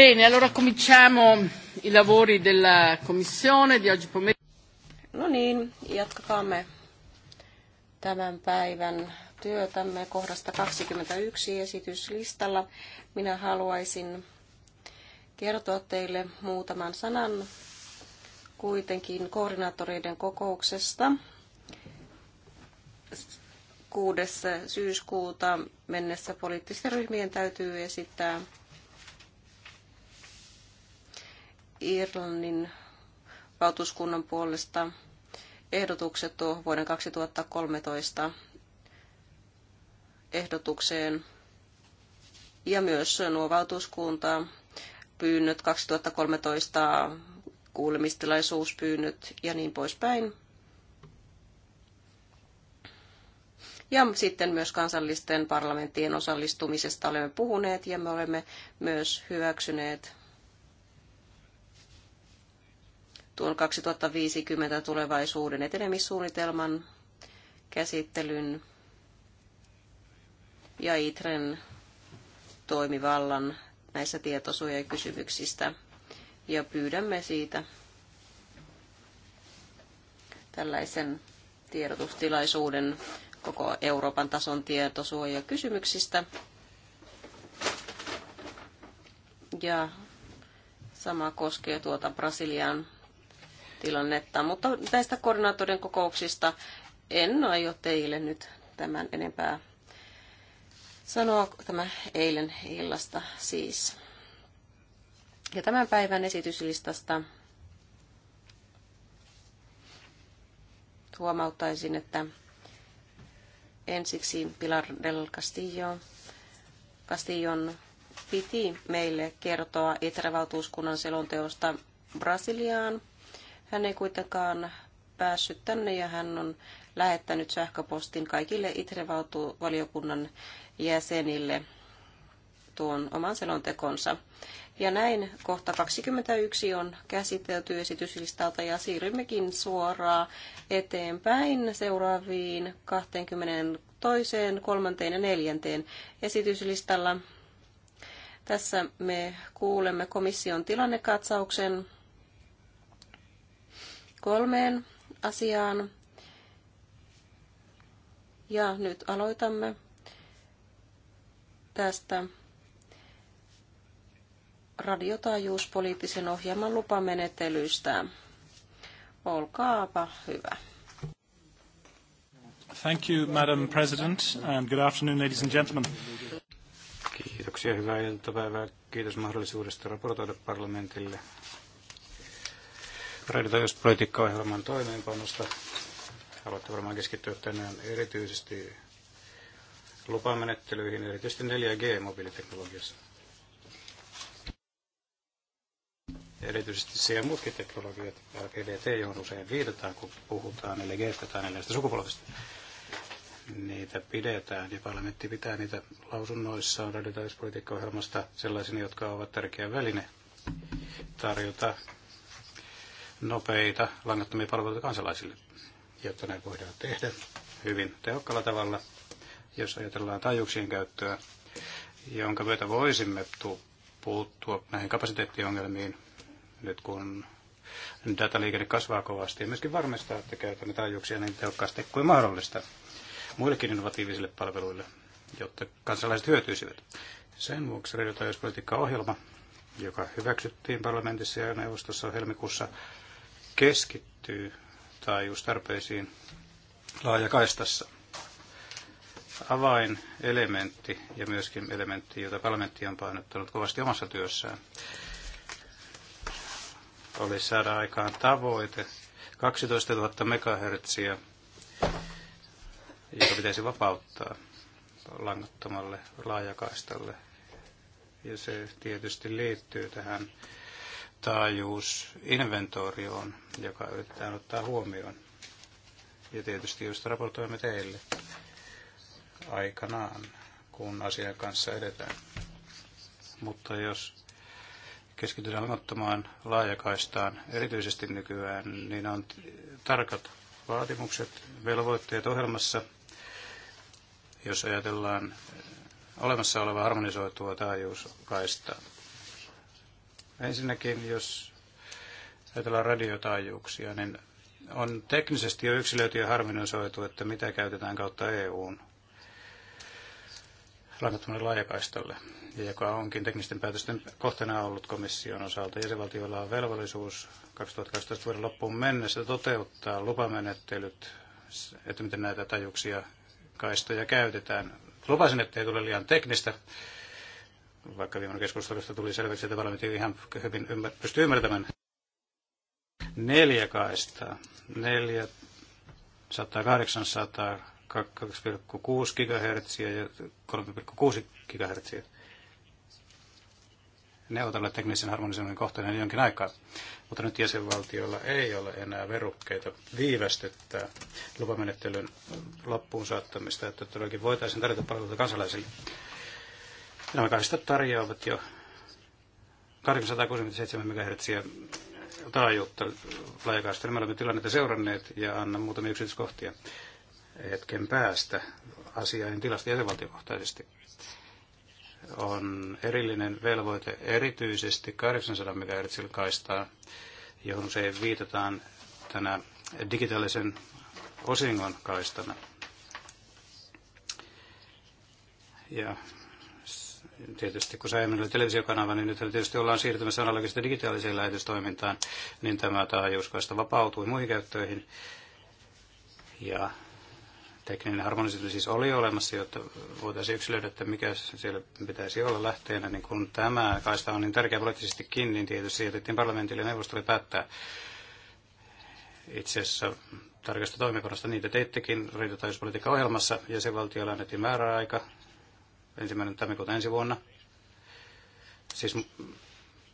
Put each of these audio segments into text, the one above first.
Bene, allora cominciamo i lavori della Commissione di oggi pomeriggio. No niin, jatkakaamme tämän päivän työtämme kohdasta 21 esityslistalla. Minä haluaisin kertoa teille muutaman sanan kuitenkin koordinaattoreiden kokouksesta 6. syyskuuta mennessä poliittisten ryhmien täytyy esittää Irlannin valtuuskunnan puolesta ehdotukset tuohon vuoden 2013 ehdotukseen ja myös nuo valtuuskuntaa pyynnöt 2013 kuulemistilaisuuspyynnöt ja niin poispäin. Ja sitten myös kansallisten parlamenttien osallistumisesta olemme puhuneet ja me olemme myös hyväksyneet tuon 2050 tulevaisuuden etenemissuunnitelman käsittelyn ja ITREN toimivallan näissä tietosuojakysymyksistä ja pyydämme siitä tällaisen tiedotustilaisuuden koko Euroopan tason tietosuojakysymyksistä. Ja sama koskee tuota Brasilian tilannetta. Mutta näistä koordinaattorien kokouksista en aio teille nyt tämän enempää sanoa tämä eilen illasta siis. Ja tämän päivän esityslistasta huomauttaisin, että ensiksi Pilar del Castillo, Castillon piti meille kertoa Itävaltuuskunnan selonteosta Brasiliaan hän ei kuitenkaan päässyt tänne ja hän on lähettänyt sähköpostin kaikille Itrevaltuvaliokunnan jäsenille tuon oman selontekonsa. Ja näin kohta 21 on käsitelty esityslistalta ja siirrymmekin suoraan eteenpäin seuraaviin 22, 3 ja 4 esityslistalla. Tässä me kuulemme komission tilannekatsauksen kolmeen asiaan. Ja nyt aloitamme tästä radiotaajuuspoliittisen ohjelman lupamenetelystä. Olkaapa hyvä. Thank you, Madam President, and good afternoon, ladies and gentlemen. Kiitoksia, hyvää iltapäivää. Kiitos mahdollisuudesta raportoida parlamentille politiikkaohjelman toimeenpanosta. Haluatte varmaan keskittyä tänään erityisesti lupamenettelyihin, erityisesti 4G-mobiiliteknologiassa. Erityisesti se ja muutkin teknologiat, LGBT, johon usein viitataan, kun puhutaan 4Gstä tai 4 sukupolvesta, niitä pidetään ja parlamentti pitää niitä lausunnoissaan radiotaispolitiikkaohjelmasta sellaisina, jotka ovat tärkeä väline tarjota nopeita langattomia palveluita kansalaisille, jotta ne voidaan tehdä hyvin tehokkaalla tavalla, jos ajatellaan taajuuksien käyttöä, jonka myötä voisimme puuttua näihin kapasiteettiongelmiin nyt kun dataliikenne kasvaa kovasti ja myöskin varmistaa, että käytämme taajuuksia niin tehokkaasti kuin mahdollista muillekin innovatiivisille palveluille, jotta kansalaiset hyötyisivät. Sen vuoksi radio- ohjelma, joka hyväksyttiin parlamentissa ja neuvostossa helmikuussa, keskittyy taajuustarpeisiin laajakaistassa. Avainelementti ja myöskin elementti, jota parlamentti on painottanut kovasti omassa työssään, oli saada aikaan tavoite 12 000 megahertsiä, joka pitäisi vapauttaa langattomalle laajakaistalle. Ja se tietysti liittyy tähän taajuus joka yritetään ottaa huomioon. Ja tietysti just raportoimme teille aikanaan, kun asian kanssa edetään. Mutta jos keskitytään ottamaan laajakaistaan erityisesti nykyään, niin on tarkat vaatimukset, velvoitteet ohjelmassa, jos ajatellaan olemassa olevaa harmonisoitua taajuuskaistaa. Ensinnäkin, jos ajatellaan radiotaajuuksia, niin on teknisesti jo yksilöity ja harminoisoitu, että mitä käytetään kautta EUn langattomalle laajakaistalle, joka onkin teknisten päätösten kohteena ollut komission osalta. Jäsenvaltioilla on velvollisuus 2012 vuoden loppuun mennessä toteuttaa lupamenettelyt, että miten näitä tajuuksia kaistoja käytetään. Lupasin, että ei tule liian teknistä vaikka viime keskustelusta tuli selväksi, että parlamentti ihan hyvin ymmär, pystyy ymmärtämään neljä kaistaa. Neljä 100, 800, 2,6 gigahertsiä ja 3,6 gigahertsiä. Ne ovat olleet teknisen harmonisoinnin kohteena jonkin aikaa, mutta nyt jäsenvaltioilla ei ole enää verukkeita viivästyttää lupamenettelyn loppuun saattamista, että todellakin voitaisiin tarjota palveluita kansalaisille. Nämä kahdistot tarjoavat jo 867 MHz taajuutta laajakaista. Me olemme tilannetta seuranneet ja annan muutamia yksityiskohtia hetken päästä asiain tilasta jäsenvaltiokohtaisesti. On erillinen velvoite erityisesti 800 MHz kaistaa, johon se viitataan tänä digitaalisen osingon kaistana. Ja tietysti kun se aiemmin oli televisiokanava, niin nyt tietysti ollaan siirtymässä analogisesta digitaaliseen lähetystoimintaan, niin tämä taajuuskaista vapautui muihin käyttöihin. Ja tekninen harmonisointi siis oli olemassa, jotta voitaisiin yksilöidä, että mikä siellä pitäisi olla lähteenä. Niin kun tämä kaista on niin tärkeä poliittisestikin, niin tietysti siirrettiin parlamentille ja neuvostolle päättää itse asiassa tarkasta toimikunnasta. Niitä teittekin riitotajuuspolitiikan ohjelmassa ja se valtiolle annettiin määräaika ensimmäinen tammikuuta ensi vuonna, siis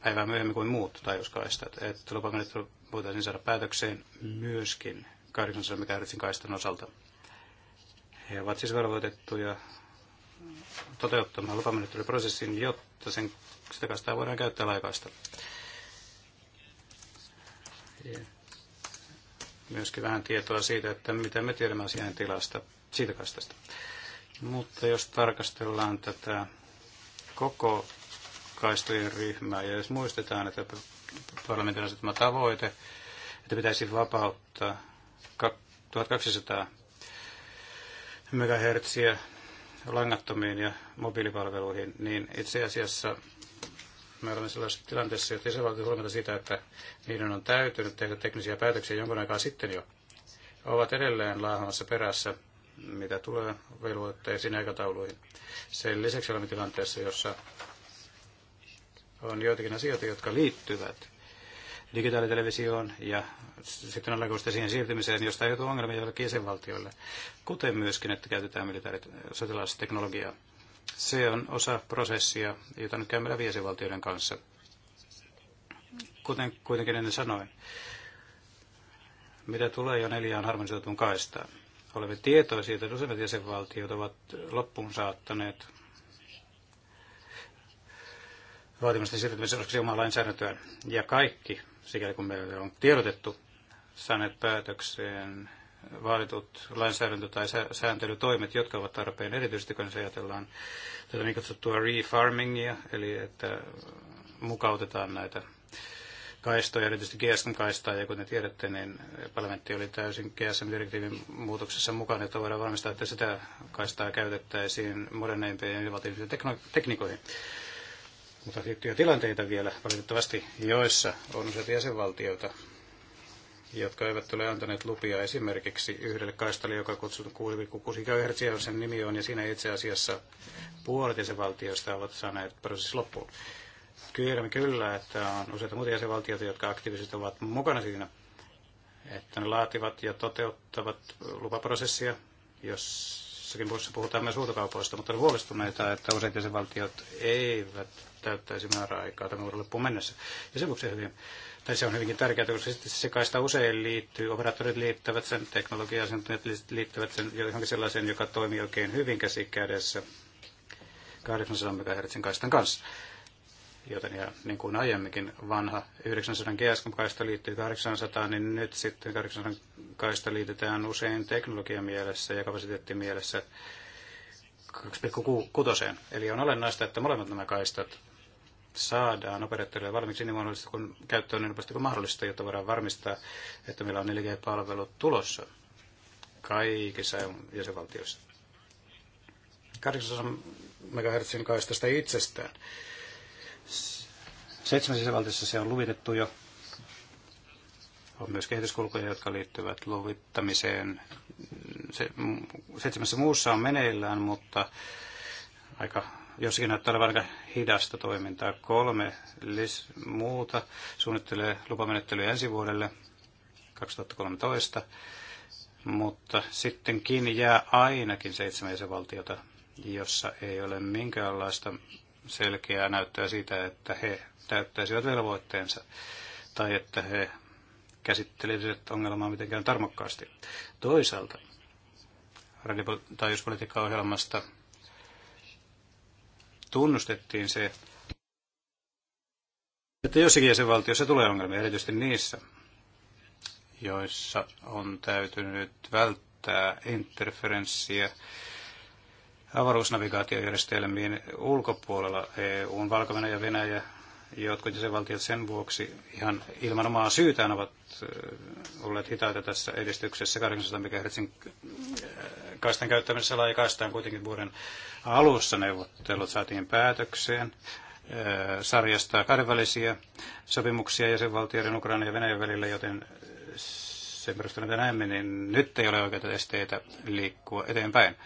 päivää myöhemmin kuin muut taajuuskaistat, että lupamenettely voitaisiin saada päätökseen myöskin 800 MHz kaistan osalta. He ovat siis velvoitettuja toteuttamaan lupamenettelyprosessin, jotta sen, sitä kaistaa voidaan käyttää laikaista. Myöskin vähän tietoa siitä, että mitä me tiedämme asian tilasta siitä kaistasta. Mutta jos tarkastellaan tätä koko kaistojen ryhmää ja jos muistetaan, että parlamentin asettama tavoite, että pitäisi vapauttaa 1200 megahertsiä langattomiin ja mobiilipalveluihin, niin itse asiassa me olemme sellaisessa tilanteessa, että valtio huomata sitä, että niiden on täytynyt tehdä teknisiä päätöksiä jonkun aikaa sitten jo, ovat edelleen laahamassa perässä mitä tulee velvoitteisiin ja aikatauluihin. Sen lisäksi olemme tilanteessa, jossa on joitakin asioita, jotka liittyvät digitaalitelevisioon ja sitten alkuista siihen siirtymiseen, josta aiheutuu ongelmia joillekin jäsenvaltioille, kuten myöskin, että käytetään militaarit sotilasteknologiaa. Se on osa prosessia, jota nyt käymme läpi jäsenvaltioiden kanssa. Kuten kuitenkin ennen sanoin, mitä tulee jo neljään harmonisoituun kaistaan. Olemme tietoisia, että useimmat jäsenvaltiot ovat loppuun saattaneet vaatimusten siirtymisen osaksi omaa lainsäädäntöään. Ja kaikki, sikäli kun meillä on tiedotettu, saaneet päätökseen vaaditut lainsäädäntö- tai sääntelytoimet, jotka ovat tarpeen, erityisesti kun se ajatellaan tätä niin kutsuttua refarmingia, eli että mukautetaan näitä kaistoja, erityisesti gsm kaistoja ja kuten tiedätte, niin parlamentti oli täysin GSM-direktiivin muutoksessa mukana, että voidaan varmistaa, että sitä kaistaa käytettäisiin moderneimpiin ja innovatiivisiin tekniikoihin. Mutta tiettyjä tilanteita vielä valitettavasti, joissa on useita jäsenvaltioita, jotka eivät ole antaneet lupia esimerkiksi yhdelle kaistalle, joka kutsutaan 6,6 GHz, sen nimi on, ja siinä itse asiassa puolet jäsenvaltioista ovat saaneet prosessi loppuun. Tiedämme kyllä, että on useita muita jäsenvaltioita, jotka aktiivisesti ovat mukana siinä, että ne laativat ja toteuttavat lupaprosessia, jossakin puolessa puhutaan myös huutokaupoista, mutta on huolestuneita, että useat jäsenvaltiot eivät täyttäisi määräaikaa tämän vuoden loppuun mennessä. Ja sen vuoksi hyvin, tai se on hyvinkin tärkeää, koska sitten se kaista usein liittyy, operaattorit liittävät sen, teknologia sen liittävät sen johonkin sellaisen, joka toimii oikein hyvin käsikädessä 800 MHz kaistan kanssa joten ja niin kuin aiemminkin vanha 900 GSM-kaista liittyy 800, niin nyt sitten 800 kaista liitetään usein teknologiamielessä ja mielessä 2,6. Eli on olennaista, että molemmat nämä kaistat saadaan operaattorille valmiiksi niin mahdollista kun käyttöön niin nopeasti kuin mahdollista, jotta voidaan varmistaa, että meillä on 4G-palvelut tulossa kaikissa jäsenvaltioissa. 800 MHz kaistasta itsestään Seitsemän sisävaltiossa se on luvitettu jo. On myös kehityskulkuja, jotka liittyvät luvittamiseen. Se, mm, seitsemässä muussa on meneillään, mutta aika jossakin näyttää olevan aika hidasta toimintaa. Kolme lis, muuta suunnittelee lupamenettelyä ensi vuodelle 2013, mutta sittenkin jää ainakin seitsemän jäsenvaltiota, jossa ei ole minkäänlaista selkeää näyttöä siitä, että he täyttäisivät velvoitteensa tai että he käsittelisivät ongelmaa mitenkään tarmokkaasti. Toisaalta radiotaajuuspolitiikan ohjelmasta tunnustettiin se, että jossakin jäsenvaltiossa tulee ongelmia, erityisesti niissä, joissa on täytynyt välttää interferenssiä avaruusnavigaatiojärjestelmiin ulkopuolella EUn, valko ja Venäjä, jotkut jäsenvaltiot sen vuoksi ihan ilman omaa syytään ovat olleet hitaita tässä edistyksessä 800 MHz kaistan käyttämisessä laajakaistaan kuitenkin vuoden alussa neuvottelut saatiin päätökseen sarjasta kahdenvälisiä sopimuksia jäsenvaltioiden Ukraina ja Venäjän välillä, joten sen perusteella mitä näemme, niin nyt ei ole oikeita esteitä liikkua eteenpäin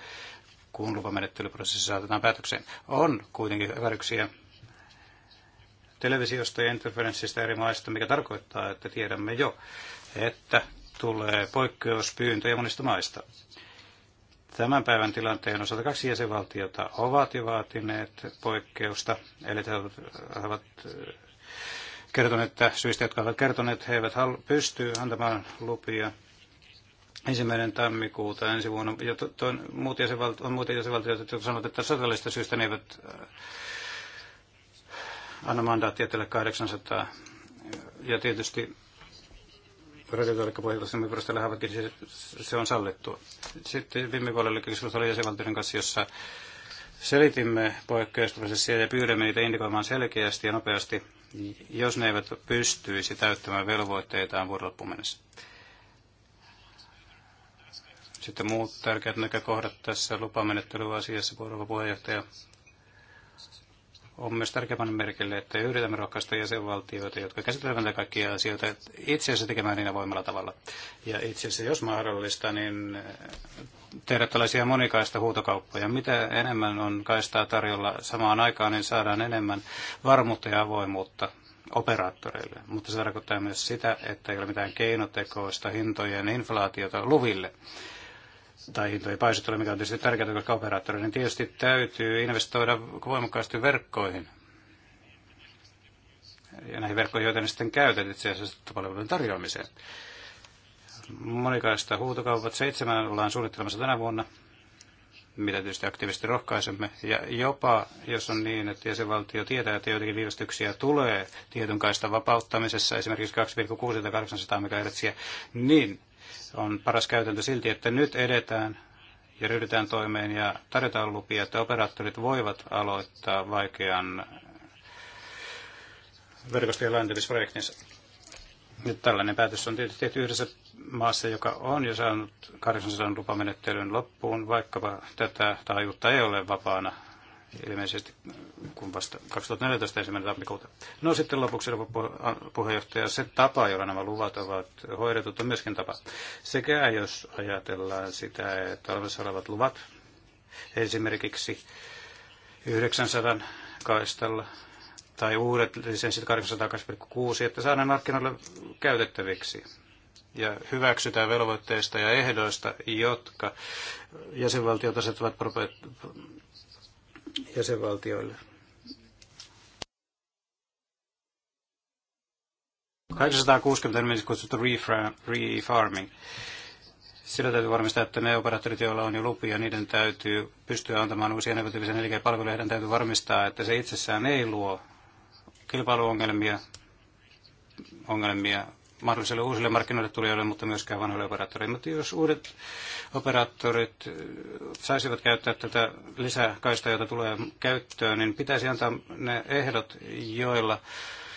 kun lupamenettelyprosessi saatetaan päätökseen. On kuitenkin epäryksiä televisiosta ja interferenssistä eri maista, mikä tarkoittaa, että tiedämme jo, että tulee poikkeuspyyntöjä monista maista. Tämän päivän tilanteen osalta kaksi jäsenvaltiota ovat jo vaatineet poikkeusta, eli he ovat eh, kertoneet, että syistä, jotka ovat kertoneet, he eivät pysty antamaan lupia ensimmäinen tammikuuta ensi vuonna. Ja to, to muut on muut jäsenvaltiot, jotka sanovat, että sotilaallisista syistä ne eivät äh, anna mandaattia tälle 800. Ja tietysti radiotoilikkapohjelmassa perusteella havaitkin, se, se on sallittu. Sitten viime vuodella oli jäsenvaltioiden kanssa, jossa selitimme poikkeusprosessia ja pyydämme niitä indikoimaan selkeästi ja nopeasti, jos ne eivät pystyisi täyttämään velvoitteitaan vuoden loppuun mennessä. Sitten muut tärkeät näkökohdat tässä lupamenettelyasiassa, puolueen puheenjohtaja. On myös tärkeä panna merkille, että yritämme rohkaista jäsenvaltioita, jotka käsittelevät näitä kaikkia asioita itse asiassa tekemään niin voimalla tavalla. Ja itse asiassa, jos mahdollista, niin eh, tehdä tällaisia monikaista huutokauppoja. Mitä enemmän on kaistaa tarjolla samaan aikaan, niin saadaan enemmän varmuutta ja avoimuutta operaattoreille. Mutta se tarkoittaa myös sitä, että ei ole mitään keinotekoista hintojen inflaatiota luville tai hintojen paisuttelu, mikä on tietysti tärkeää, koska operaattoreille, niin tietysti täytyy investoida voimakkaasti verkkoihin. Ja näihin verkkoihin, joita ne sitten käytät itse asiassa palveluiden tarjoamiseen. Monikaista huutokaupat seitsemän ollaan suunnittelemassa tänä vuonna, mitä tietysti aktiivisesti rohkaisemme. Ja jopa, jos on niin, että jäsenvaltio tietää, että joitakin viivästyksiä tulee tietyn kaistan vapauttamisessa, esimerkiksi 2,6-800 megahertsiä, niin on paras käytäntö silti, että nyt edetään ja ryhdytään toimeen ja tarjotaan lupia, että operaattorit voivat aloittaa vaikean verkostojen laajentamisprojektinsa. Nyt tällainen päätös on tietysti tehty yhdessä maassa, joka on jo saanut 800 lupamenettelyn loppuun, vaikkapa tätä taajuutta ei ole vapaana ilmeisesti kun vasta 2014 ensimmäinen tammikuuta. No sitten lopuksi puheenjohtaja, se tapa, jolla nämä luvat ovat hoidetut, on myöskin tapa. Sekä jos ajatellaan sitä, että olemassa olevat luvat, esimerkiksi 900 kaistalla tai uudet lisenssit 802,6, että saadaan markkinoille käytettäviksi ja hyväksytään velvoitteista ja ehdoista, jotka jäsenvaltiot asettavat jäsenvaltioille. 860 kutsuttu refarming. Sillä täytyy varmistaa, että ne operaattorit, joilla on jo lupia, niiden täytyy pystyä antamaan uusia negatiivisia palveluja Heidän täytyy varmistaa, että se itsessään ei luo kilpailuongelmia ongelmia mahdollisille uusille markkinoille tulijoille, mutta myöskään vanhoille operaattoreille. Mutta jos uudet operaattorit saisivat käyttää tätä lisäkaistaa, jota tulee käyttöön, niin pitäisi antaa ne ehdot, joilla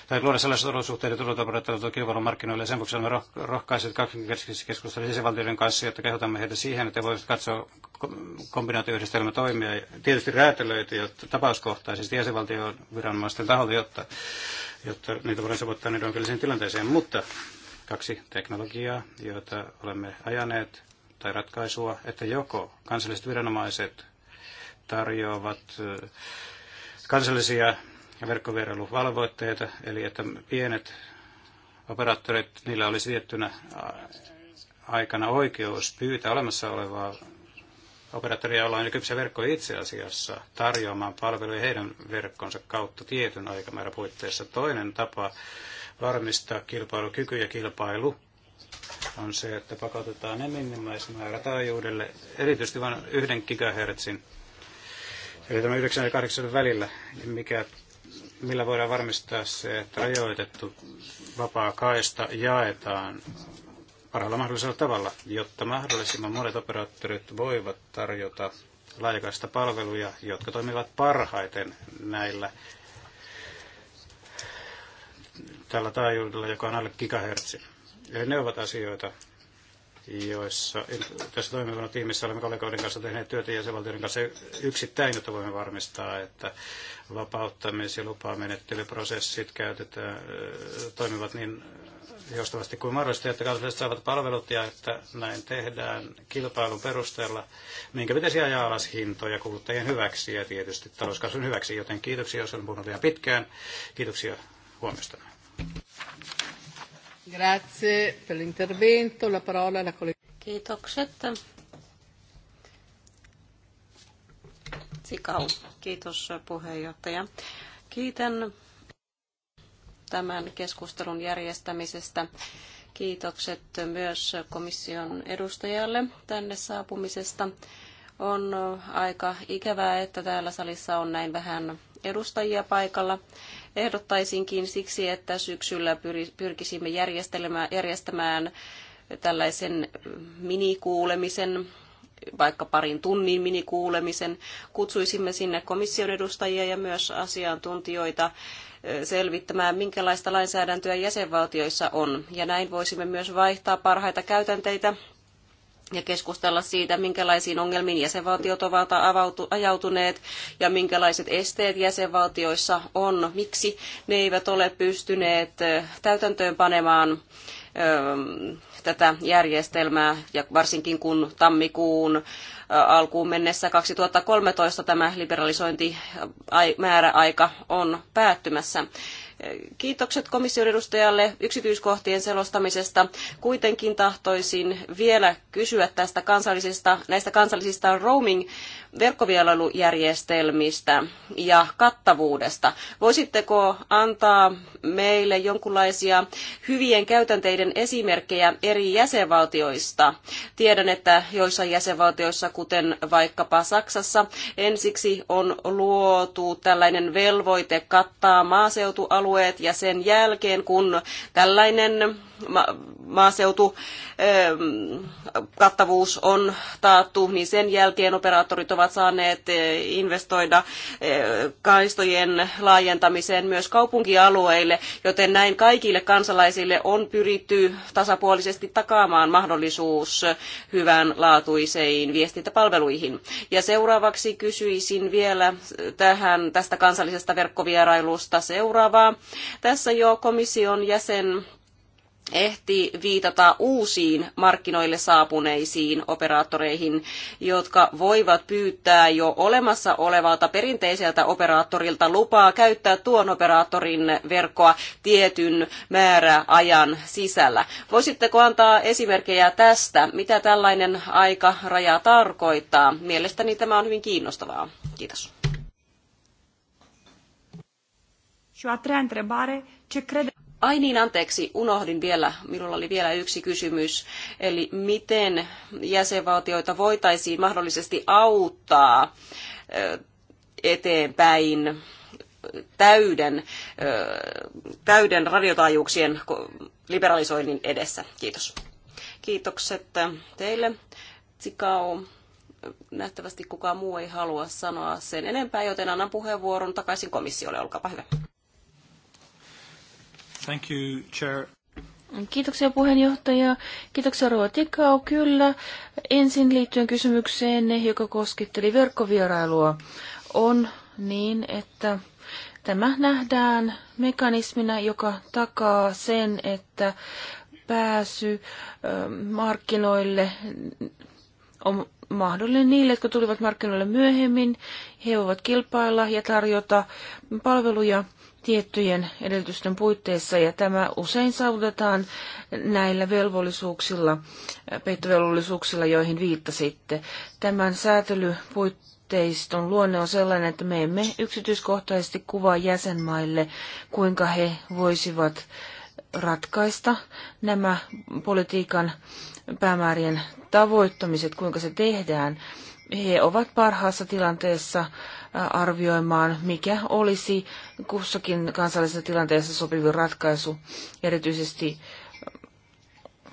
tai luoda sellaiset olosuhteet ja tulotaparattelut kilpailun markkinoille. Sen vuoksi olemme rohkaiset kaksinkertaisesti keskustelua jäsenvaltioiden kanssa, jotta kehotamme heitä siihen, että he voivat katsoa kombinaatioyhdistelmä toimia. Tietysti räätälöity ja tapauskohtaisesti jäsenvaltion viranomaisten taholta, jotta, jotta niitä voidaan sovittaa niiden oikeelliseen tilanteeseen. Mutta kaksi teknologiaa, joita olemme ajaneet tai ratkaisua, että joko kansalliset viranomaiset tarjoavat kansallisia verkkovierailuvalvoitteita, eli että pienet operaattorit, niillä olisi tiettynä aikana oikeus pyytää olemassa olevaa operaattoria, jolla on kypsä verkko itse asiassa tarjoamaan palveluja heidän verkkonsa kautta tietyn aikamäärän puitteissa. Toinen tapa varmistaa kilpailukyky ja kilpailu on se, että pakotetaan ne minimaismäärä taajuudelle, erityisesti vain yhden gigahertsin, eli tämä 98 ja välillä, niin mikä millä voidaan varmistaa se, että rajoitettu vapaa kaista jaetaan parhaalla mahdollisella tavalla, jotta mahdollisimman monet operaattorit voivat tarjota laajakaista palveluja, jotka toimivat parhaiten näillä tällä taajuudella, joka on alle gigahertsi. Eli ne ovat asioita, joissa tässä toimivanut tiimissä olemme kollegoiden kanssa tehneet työtä jäsenvaltioiden kanssa yksittäin, jotta voimme varmistaa, että vapauttamis- ja lupamenettelyprosessit käytetään, toimivat niin joustavasti kuin mahdollista, että kansalaiset saavat palvelut ja että näin tehdään kilpailun perusteella, minkä pitäisi ajaa alas hintoja kuluttajien hyväksi ja tietysti talouskasvun hyväksi. Joten kiitoksia, jos olen puhunut liian pitkään. Kiitoksia huomiosta. Grazie per l'intervento. La parola alla collega. Kiitokset. Sikau. Kiitos puheenjohtaja. Kiitän tämän keskustelun järjestämisestä. Kiitokset myös komission edustajalle tänne saapumisesta. On aika ikävää, että täällä salissa on näin vähän edustajia paikalla. Ehdottaisinkin siksi, että syksyllä pyrkisimme järjestämään tällaisen minikuulemisen vaikka parin tunnin minikuulemisen. Kutsuisimme sinne komission edustajia ja myös asiantuntijoita selvittämään, minkälaista lainsäädäntöä jäsenvaltioissa on. Ja näin voisimme myös vaihtaa parhaita käytänteitä ja keskustella siitä, minkälaisiin ongelmiin jäsenvaltiot ovat ajautuneet ja minkälaiset esteet jäsenvaltioissa on, miksi ne eivät ole pystyneet täytäntöön panemaan tätä järjestelmää, ja varsinkin kun tammikuun alkuun mennessä 2013 tämä liberalisointimääräaika on päättymässä. Kiitokset komission edustajalle yksityiskohtien selostamisesta. Kuitenkin tahtoisin vielä kysyä tästä kansallisista, näistä kansallisista roaming verkkovierailujärjestelmistä ja kattavuudesta. Voisitteko antaa meille jonkinlaisia hyvien käytänteiden esimerkkejä eri jäsenvaltioista? Tiedän, että joissain jäsenvaltioissa, kuten vaikkapa Saksassa, ensiksi on luotu tällainen velvoite kattaa maaseutualueita alueet ja sen jälkeen, kun tällainen maaseutu ähm, kattavuus on taattu, niin sen jälkeen operaattorit ovat saaneet äh, investoida äh, kaistojen laajentamiseen myös kaupunkialueille, joten näin kaikille kansalaisille on pyritty tasapuolisesti takaamaan mahdollisuus hyvän laatuiseen viestintäpalveluihin. Ja seuraavaksi kysyisin vielä tähän tästä kansallisesta verkkovierailusta seuraavaa. Tässä jo komission jäsen ehti viitata uusiin markkinoille saapuneisiin operaattoreihin, jotka voivat pyytää jo olemassa olevalta perinteiseltä operaattorilta lupaa käyttää tuon operaattorin verkkoa tietyn määräajan sisällä. Voisitteko antaa esimerkkejä tästä, mitä tällainen aikaraja tarkoittaa? Mielestäni tämä on hyvin kiinnostavaa. Kiitos. Și o a treia întrebare, ce crede Ai niin, anteeksi, unohdin vielä, minulla oli vielä yksi kysymys, eli miten jäsenvaltioita voitaisiin mahdollisesti auttaa eteenpäin täyden, täyden radiotaajuuksien liberalisoinnin edessä. Kiitos. Kiitokset teille. Tsikau nähtävästi kukaan muu ei halua sanoa sen enempää, joten annan puheenvuoron takaisin komissiolle. Olkaapa hyvä. Thank you, Chair. Kiitoksia puheenjohtaja. Kiitoksia Rova Tikau. Kyllä, ensin liittyen kysymykseen, joka kosketteli verkkovierailua, on niin, että tämä nähdään mekanismina, joka takaa sen, että pääsy markkinoille on mahdollinen niille, jotka tulivat markkinoille myöhemmin. He voivat kilpailla ja tarjota palveluja tiettyjen edellytysten puitteissa, ja tämä usein saavutetaan näillä velvollisuuksilla, peittovelvollisuuksilla, joihin viittasitte. Tämän säätelypuitteiston luonne on sellainen, että me emme yksityiskohtaisesti kuvaa jäsenmaille, kuinka he voisivat ratkaista nämä politiikan päämäärien tavoittamiset, kuinka se tehdään. He ovat parhaassa tilanteessa arvioimaan, mikä olisi kussakin kansallisessa tilanteessa sopivin ratkaisu, erityisesti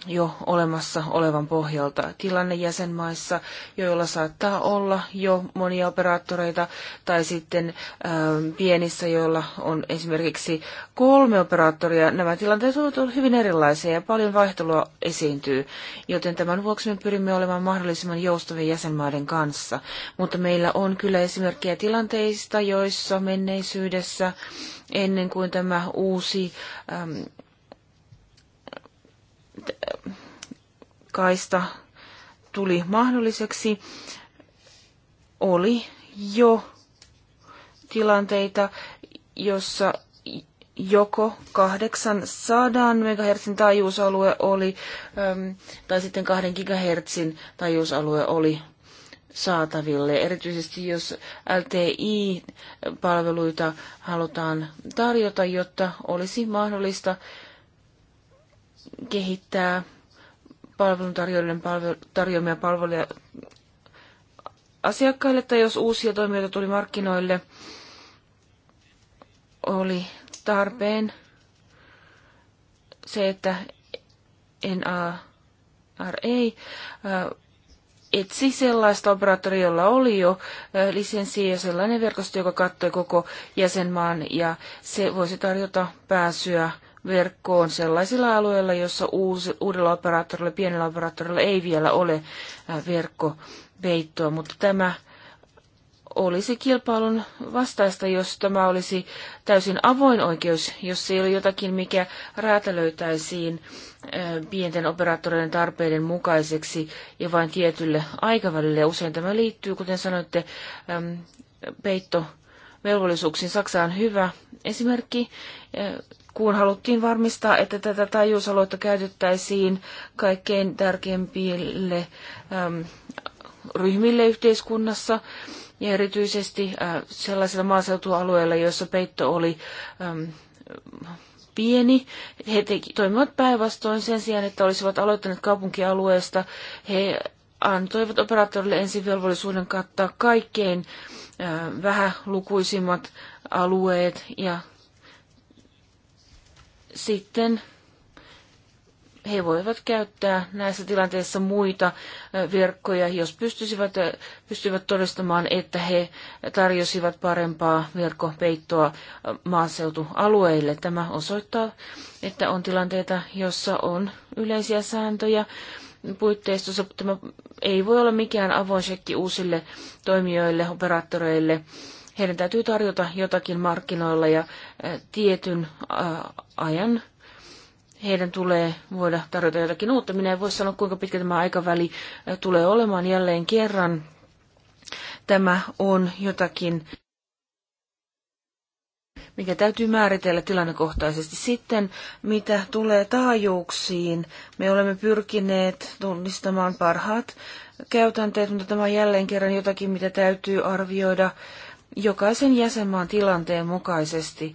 jo olemassa olevan pohjalta. Tilanne jäsenmaissa, joilla saattaa olla jo monia operaattoreita, tai sitten ä, ähm, pienissä, joilla on esimerkiksi kolme operaattoria, nämä tilanteet ovat hyvin erilaisia ja paljon vaihtelua esiintyy, joten tämän vuoksi me pyrimme olemaan mahdollisimman joustavia jäsenmaiden kanssa. Mutta meillä on kyllä esimerkkejä tilanteista, joissa menneisyydessä ennen kuin tämä uusi äm, kaista tuli mahdolliseksi, oli jo tilanteita, jossa joko 800 MHz taajuusalue oli, tai sitten 2 GHz taajuusalue oli saataville. Erityisesti jos LTI-palveluita halutaan tarjota, jotta olisi mahdollista kehittää palveluntarjoajien palvelu, tarjoamia palveluja asiakkaille tai jos uusia toimijoita tuli markkinoille, oli tarpeen se, että NARA e, äh, etsi sellaista operaattoria, jolla oli jo äh, lisenssi ja sellainen verkosto, joka kattoi koko jäsenmaan ja se voisi tarjota pääsyä verkkoon sellaisilla alueilla, joissa uusi, uudella operaattorilla, pienellä operaattorilla ei vielä ole verkkopeittoa, mutta tämä olisi kilpailun vastaista, jos tämä olisi täysin avoin oikeus, jos ei ole jotakin, mikä räätälöitäisiin pienten operaattoreiden tarpeiden mukaiseksi ja vain tietylle aikavälille. Usein tämä liittyy, kuten sanoitte, peitto velvollisuuksiin. Saksa on hyvä esimerkki kun haluttiin varmistaa, että tätä taajuusaluetta käytettäisiin kaikkein tärkeimpille äm, ryhmille yhteiskunnassa ja erityisesti äh, sellaisilla maaseutualueilla, joissa peitto oli äm, pieni. He teki, toimivat päinvastoin sen sijaan, että olisivat aloittaneet kaupunkialueesta. He antoivat operaattorille ensin velvollisuuden kattaa kaikkein äh, vähälukuisimmat alueet ja sitten he voivat käyttää näissä tilanteissa muita verkkoja, jos pystyisivät, pystyvät todistamaan, että he tarjosivat parempaa verkkopeittoa maaseutualueille. Tämä osoittaa, että on tilanteita, jossa on yleisiä sääntöjä puitteistossa. Tämä ei voi olla mikään avoin uusille toimijoille, operaattoreille heidän täytyy tarjota jotakin markkinoilla ja tietyn ajan heidän tulee voida tarjota jotakin uutta. Minä en voi sanoa, kuinka pitkä tämä aikaväli tulee olemaan jälleen kerran. Tämä on jotakin, mikä täytyy määritellä tilannekohtaisesti. Sitten, mitä tulee taajuuksiin, me olemme pyrkineet tunnistamaan parhaat käytänteet, mutta tämä on jälleen kerran jotakin, mitä täytyy arvioida jokaisen jäsenmaan tilanteen mukaisesti,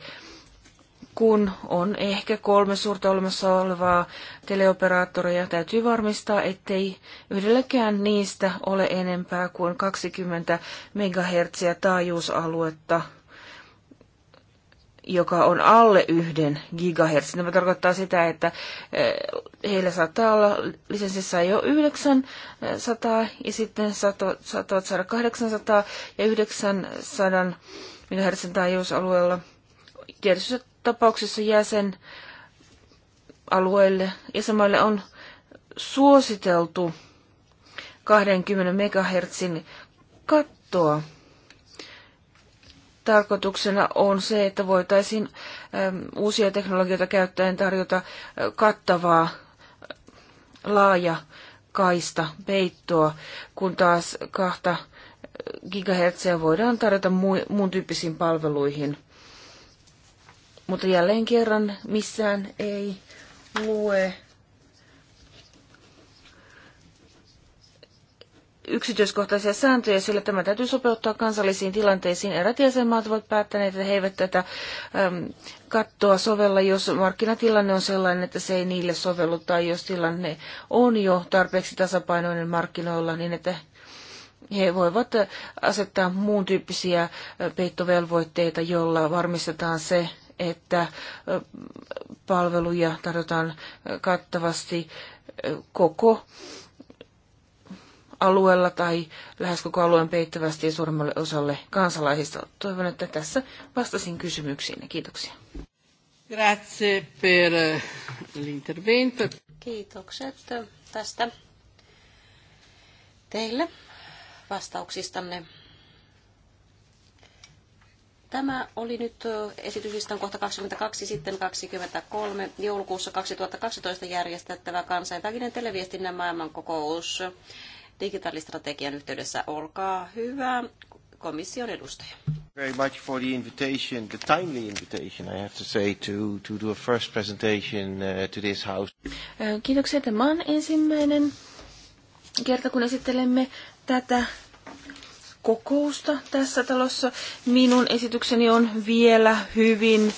kun on ehkä kolme suurta olemassa olevaa teleoperaattoria, täytyy varmistaa, ettei yhdelläkään niistä ole enempää kuin 20 MHz taajuusaluetta – joka on alle yhden gigahertz. Tämä tarkoittaa sitä, että eh, heillä saattaa olla lisenssissä jo 900 ja sitten saattavat saada 800 ja 900 MHz taajuusalueella. Tietyissä tapauksissa jäsen alueelle samalle on suositeltu 20 MHz kattoa tarkoituksena on se, että voitaisiin uusia teknologioita käyttäen tarjota kattavaa laaja kaista peittoa, kun taas kahta gigahertsiä voidaan tarjota muun tyyppisiin palveluihin. Mutta jälleen kerran missään ei lue yksityiskohtaisia sääntöjä, sillä tämä täytyy sopeuttaa kansallisiin tilanteisiin. Erät jäsenmaat ovat päättäneet, että he eivät tätä äm, kattoa sovella, jos markkinatilanne on sellainen, että se ei niille sovellu, tai jos tilanne on jo tarpeeksi tasapainoinen markkinoilla, niin että he voivat asettaa muun tyyppisiä peittovelvoitteita, jolla varmistetaan se, että palveluja tarjotaan kattavasti koko alueella tai lähes koko alueen peittävästi ja suurimmalle osalle kansalaisista. Toivon, että tässä vastasin kysymyksiin. Kiitoksia. Grazie per eh, l'intervento. Kiitokset tästä teille vastauksistanne. Tämä oli nyt eh, esityslistan kohta 22, sitten 23. Joulukuussa 2012 järjestettävä kansainvälinen televiestinnän maailmankokous digitaalistrategian yhteydessä. Olkaa hyvä, komission edustaja. Very much for the invitation, the timely invitation, I have to say, to, to do a first presentation uh, to this house. Kiitoksia. että olen ensimmäinen kerta, kun esittelemme tätä kokousta tässä talossa. Minun esitykseni on vielä hyvin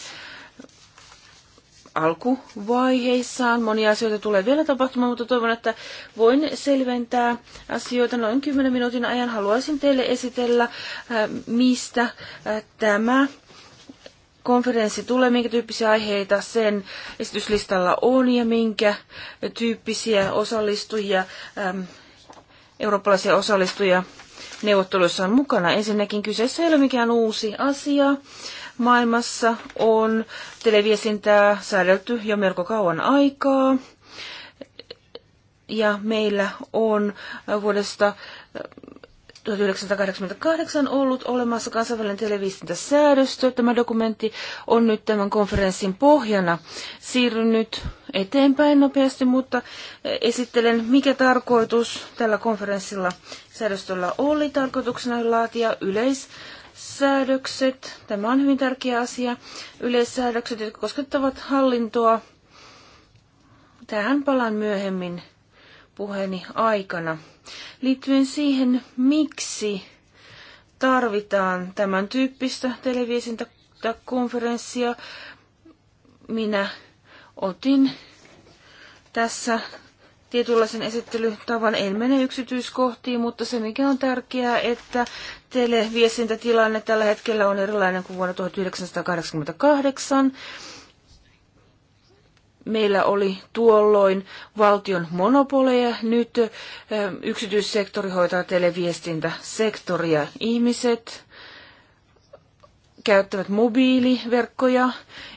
alkuvaiheissaan. Monia asioita tulee vielä tapahtumaan, mutta toivon, että voin selventää asioita noin 10 minuutin ajan. Haluaisin teille esitellä, äh, mistä äh, tämä konferenssi tulee, minkä tyyppisiä aiheita sen esityslistalla on ja minkä tyyppisiä osallistujia, ähm, eurooppalaisia osallistujia neuvotteluissa on mukana. Ensinnäkin kyseessä ei ole mikään uusi asia maailmassa on televiesintää säädelty jo melko kauan aikaa. Ja meillä on vuodesta 1988 äh, ollut olemassa kansainvälinen televiisintäsäädöstö. Tämä dokumentti on nyt tämän konferenssin pohjana. Siirryn nyt eteenpäin nopeasti, mutta äh, esittelen, mikä tarkoitus tällä konferenssilla säädöstöllä oli. Tarkoituksena oli laatia yleis säädökset. Tämä on hyvin tärkeä asia. Yleissäädökset, jotka koskettavat hallintoa. Tähän palaan myöhemmin puheeni aikana. Liittyen siihen, miksi tarvitaan tämän tyyppistä televisintäkonferenssia, minä otin tässä tietynlaisen esittelytavan. En mene yksityiskohtiin, mutta se mikä on tärkeää, että televiestintätilanne tällä hetkellä on erilainen kuin vuonna 1988. Meillä oli tuolloin valtion monopoleja, nyt yksityissektori hoitaa televiestintäsektoria. Ihmiset käyttävät mobiiliverkkoja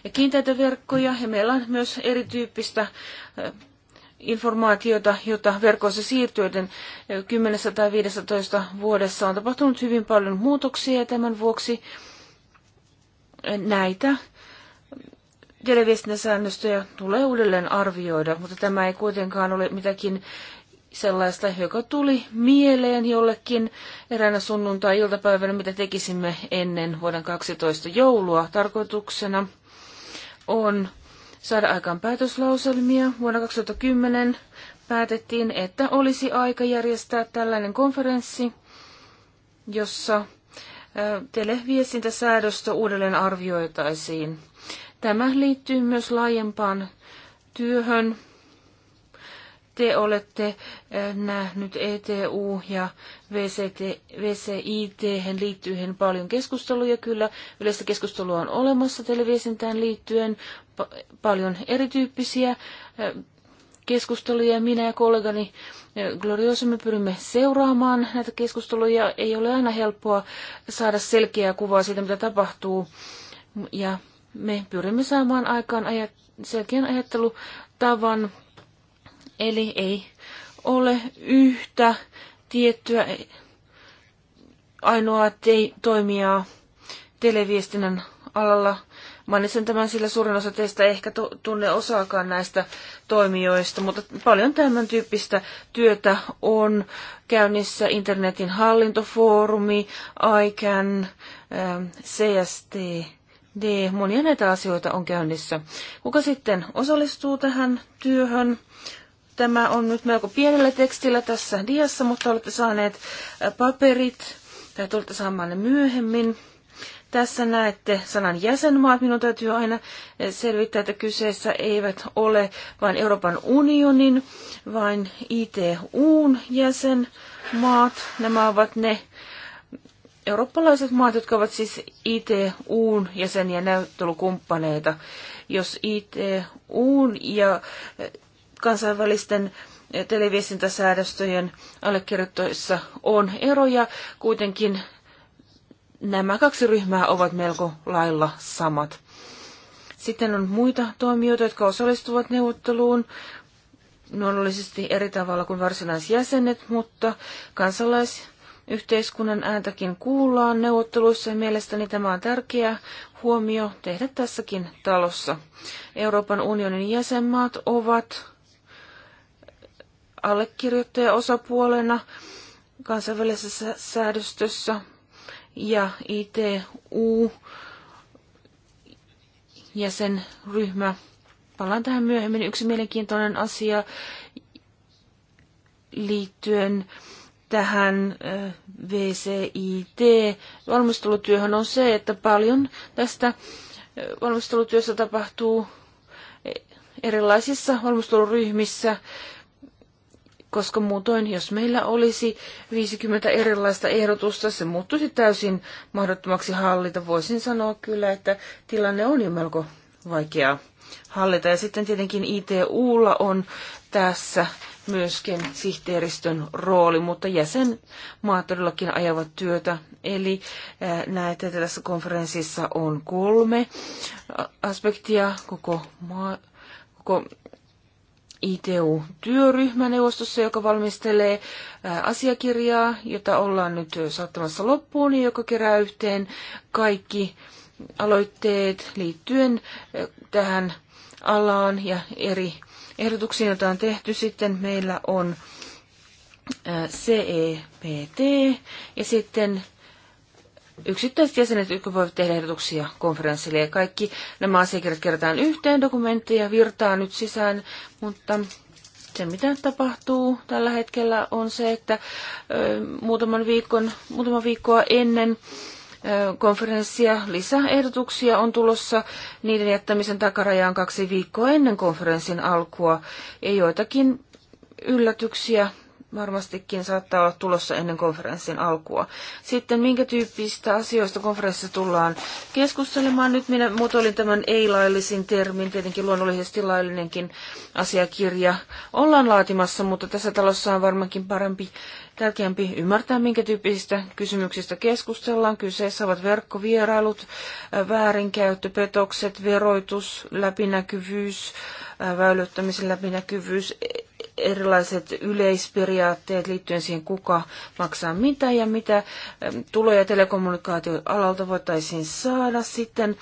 ja kiinteitä verkkoja ja meillä on myös erityyppistä informaatiota, jota verkossa siirtyy, joten 10 tai 15 vuodessa on tapahtunut hyvin paljon muutoksia ja tämän vuoksi näitä televiestintäsäännöstöjä tulee uudelleen arvioida, mutta tämä ei kuitenkaan ole mitäkin sellaista, joka tuli mieleen jollekin eräänä sunnuntai-iltapäivänä, mitä tekisimme ennen vuoden 12 joulua. Tarkoituksena on saada aikaan päätöslauselmia. Vuonna 2010 päätettiin, että olisi aika järjestää tällainen konferenssi, jossa televiestintäsäädöstä uudelleen arvioitaisiin. Tämä liittyy myös laajempaan työhön, te olette äh, nähnyt ETU ja VCT, VCIT liittyen paljon keskusteluja. Kyllä yleistä keskustelua on olemassa televiesintään liittyen, pa- paljon erityyppisiä äh, keskusteluja. Minä ja kollegani äh, Gloriosa me pyrimme seuraamaan näitä keskusteluja. Ei ole aina helppoa saada selkeää kuvaa siitä, mitä tapahtuu. Ja me pyrimme saamaan aikaan ajat- selkeän ajattelutavan Eli ei ole yhtä tiettyä ainoaa te- toimijaa televiestinnän alalla. Mainitsen tämän, sillä suurin osa teistä ehkä to- tunne osaakaan näistä toimijoista, mutta paljon tämän tyyppistä työtä on käynnissä internetin hallintofoorumi, ICANN, ähm, CSTD, monia näitä asioita on käynnissä. Kuka sitten osallistuu tähän työhön? Tämä on nyt melko pienellä tekstillä tässä diassa, mutta olette saaneet paperit tai tulette saamaan ne myöhemmin. Tässä näette sanan jäsenmaat. Minun täytyy aina selvittää, että kyseessä eivät ole vain Euroopan unionin, vain ITUn jäsenmaat. Nämä ovat ne eurooppalaiset maat, jotka ovat siis ITUn jäseniä näyttelykumppaneita. Jos ITUn ja kansainvälisten televiestintäsäädöstöjen allekirjoittajissa on eroja. Kuitenkin nämä kaksi ryhmää ovat melko lailla samat. Sitten on muita toimijoita, jotka osallistuvat neuvotteluun luonnollisesti eri tavalla kuin varsinaisjäsenet, mutta kansalaisyhteiskunnan ääntäkin kuullaan neuvotteluissa ja mielestäni tämä on tärkeä huomio tehdä tässäkin talossa. Euroopan unionin jäsenmaat ovat allekirjoittaja osapuolena kansainvälisessä säädöstössä ja ITU jäsenryhmä. Palaan tähän myöhemmin. Yksi mielenkiintoinen asia liittyen tähän VCIT-valmistelutyöhön on se, että paljon tästä valmistelutyössä tapahtuu e, erilaisissa valmisteluryhmissä koska muutoin, jos meillä olisi 50 erilaista ehdotusta, se muuttuisi täysin mahdottomaksi hallita. Voisin sanoa kyllä, että tilanne on jo melko vaikea hallita. Ja sitten tietenkin ITUlla on tässä myöskin sihteeristön rooli, mutta jäsenmaat todellakin ajavat työtä. Eli äh, näette, että tässä konferenssissa on kolme aspektia koko, maa, koko ITU-työryhmä neuvostossa, joka valmistelee asiakirjaa, jota ollaan nyt saattamassa loppuun, joka kerää yhteen kaikki aloitteet liittyen tähän alaan ja eri ehdotuksiin, joita on tehty. Sitten meillä on CEPT ja sitten yksittäiset jäsenet, jotka voivat tehdä ehdotuksia konferenssille. Ja kaikki nämä asiakirjat kerätään yhteen, dokumentteja virtaa nyt sisään, mutta se mitä tapahtuu tällä hetkellä on se, että muutaman viikon, muutama viikkoa ennen konferenssia lisäehdotuksia on tulossa niiden jättämisen takarajaan kaksi viikkoa ennen konferenssin alkua ja joitakin yllätyksiä varmastikin saattaa olla tulossa ennen konferenssin alkua. Sitten minkä tyyppistä asioista konferenssissa tullaan keskustelemaan. Nyt minä muotoilin tämän ei-laillisin termin, tietenkin luonnollisesti laillinenkin asiakirja ollaan laatimassa, mutta tässä talossa on varmaankin parempi, tärkeämpi ymmärtää, minkä tyyppisistä kysymyksistä keskustellaan. Kyseessä ovat verkkovierailut, äh, väärinkäyttöpetokset veroitus, läpinäkyvyys, äh, väylyttämisen läpinäkyvyys, erilaiset yleisperiaatteet liittyen siihen, kuka maksaa mitä ja mitä tuloja telekommunikaatioalalta voitaisiin saada sitten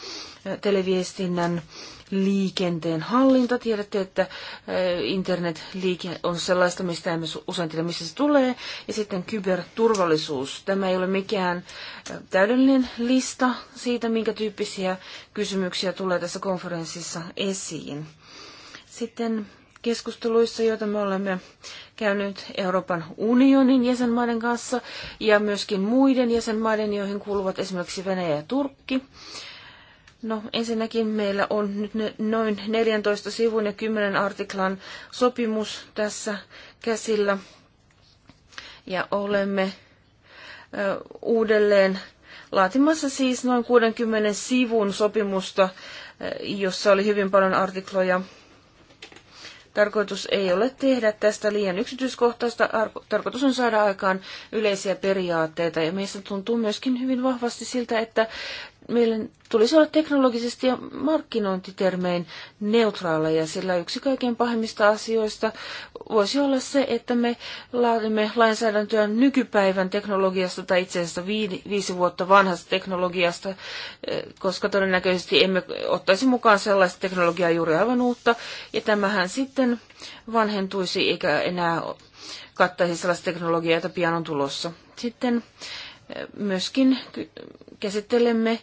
televiestinnän liikenteen hallinta. Tiedätte, että internetliike on sellaista, mistä emme usein tiedä, missä se tulee. Ja sitten kyberturvallisuus. Tämä ei ole mikään täydellinen lista siitä, minkä tyyppisiä kysymyksiä tulee tässä konferenssissa esiin. Sitten keskusteluissa, joita me olemme käyneet Euroopan unionin jäsenmaiden kanssa ja myöskin muiden jäsenmaiden, joihin kuuluvat esimerkiksi Venäjä ja Turkki. No ensinnäkin meillä on nyt noin 14 sivun ja 10 artiklan sopimus tässä käsillä ja olemme uudelleen laatimassa siis noin 60 sivun sopimusta, jossa oli hyvin paljon artikloja Tarkoitus ei ole tehdä tästä liian yksityiskohtaista, tarkoitus on saada aikaan yleisiä periaatteita ja meistä tuntuu myöskin hyvin vahvasti siltä, että Meille tulisi olla teknologisesti ja markkinointitermein neutraaleja, sillä yksi kaikkein pahimmista asioista voisi olla se, että me laadimme lainsäädäntöä nykypäivän teknologiasta tai itse asiassa viisi vuotta vanhasta teknologiasta, eh, koska todennäköisesti emme ottaisi mukaan sellaista teknologiaa juuri aivan uutta, ja tämähän sitten vanhentuisi eikä enää kattaisi sellaista teknologiaa, jota pian on tulossa. Sitten myöskin käsittelemme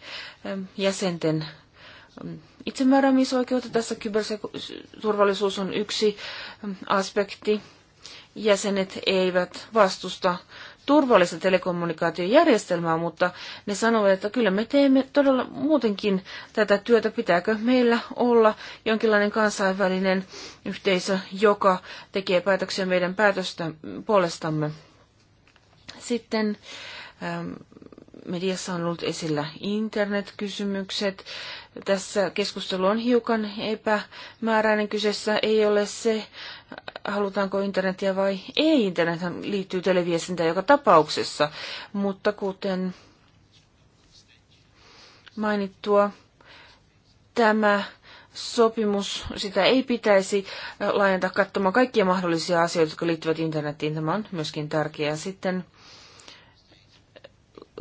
ähm, jäsenten ähm, itsemääräämisoikeutta. Tässä kyberturvallisuus on yksi ähm, aspekti. Jäsenet eivät vastusta turvallista telekommunikaatiojärjestelmää, mutta ne sanovat, että kyllä me teemme todella muutenkin tätä työtä. Pitääkö meillä olla jonkinlainen kansainvälinen yhteisö, joka tekee päätöksiä meidän päätöstä puolestamme? Sitten mediassa on ollut esillä internetkysymykset. Tässä keskustelu on hiukan epämääräinen. Kyseessä ei ole se, halutaanko internetiä vai ei. Internet liittyy televiesintään joka tapauksessa, mutta kuten mainittua, tämä sopimus, sitä ei pitäisi laajentaa katsomaan kaikkia mahdollisia asioita, jotka liittyvät internetiin. Tämä on myöskin tärkeää. Sitten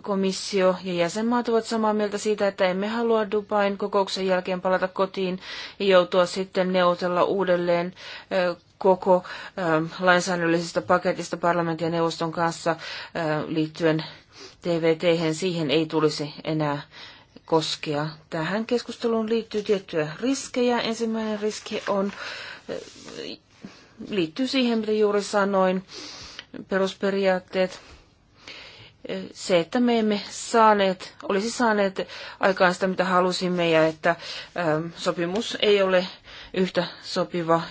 komissio ja jäsenmaat ovat samaa mieltä siitä, että emme halua Dubain kokouksen jälkeen palata kotiin ja joutua sitten neuvotella uudelleen koko lainsäädännöllisestä paketista parlamentin ja neuvoston kanssa liittyen TVT, siihen ei tulisi enää koskea. Tähän keskusteluun liittyy tiettyjä riskejä. Ensimmäinen riski on, liittyy siihen, mitä juuri sanoin, perusperiaatteet, se, että me emme saaneet, olisi saaneet aikaan sitä, mitä halusimme, ja että ähm, sopimus ei ole yhtä sopiva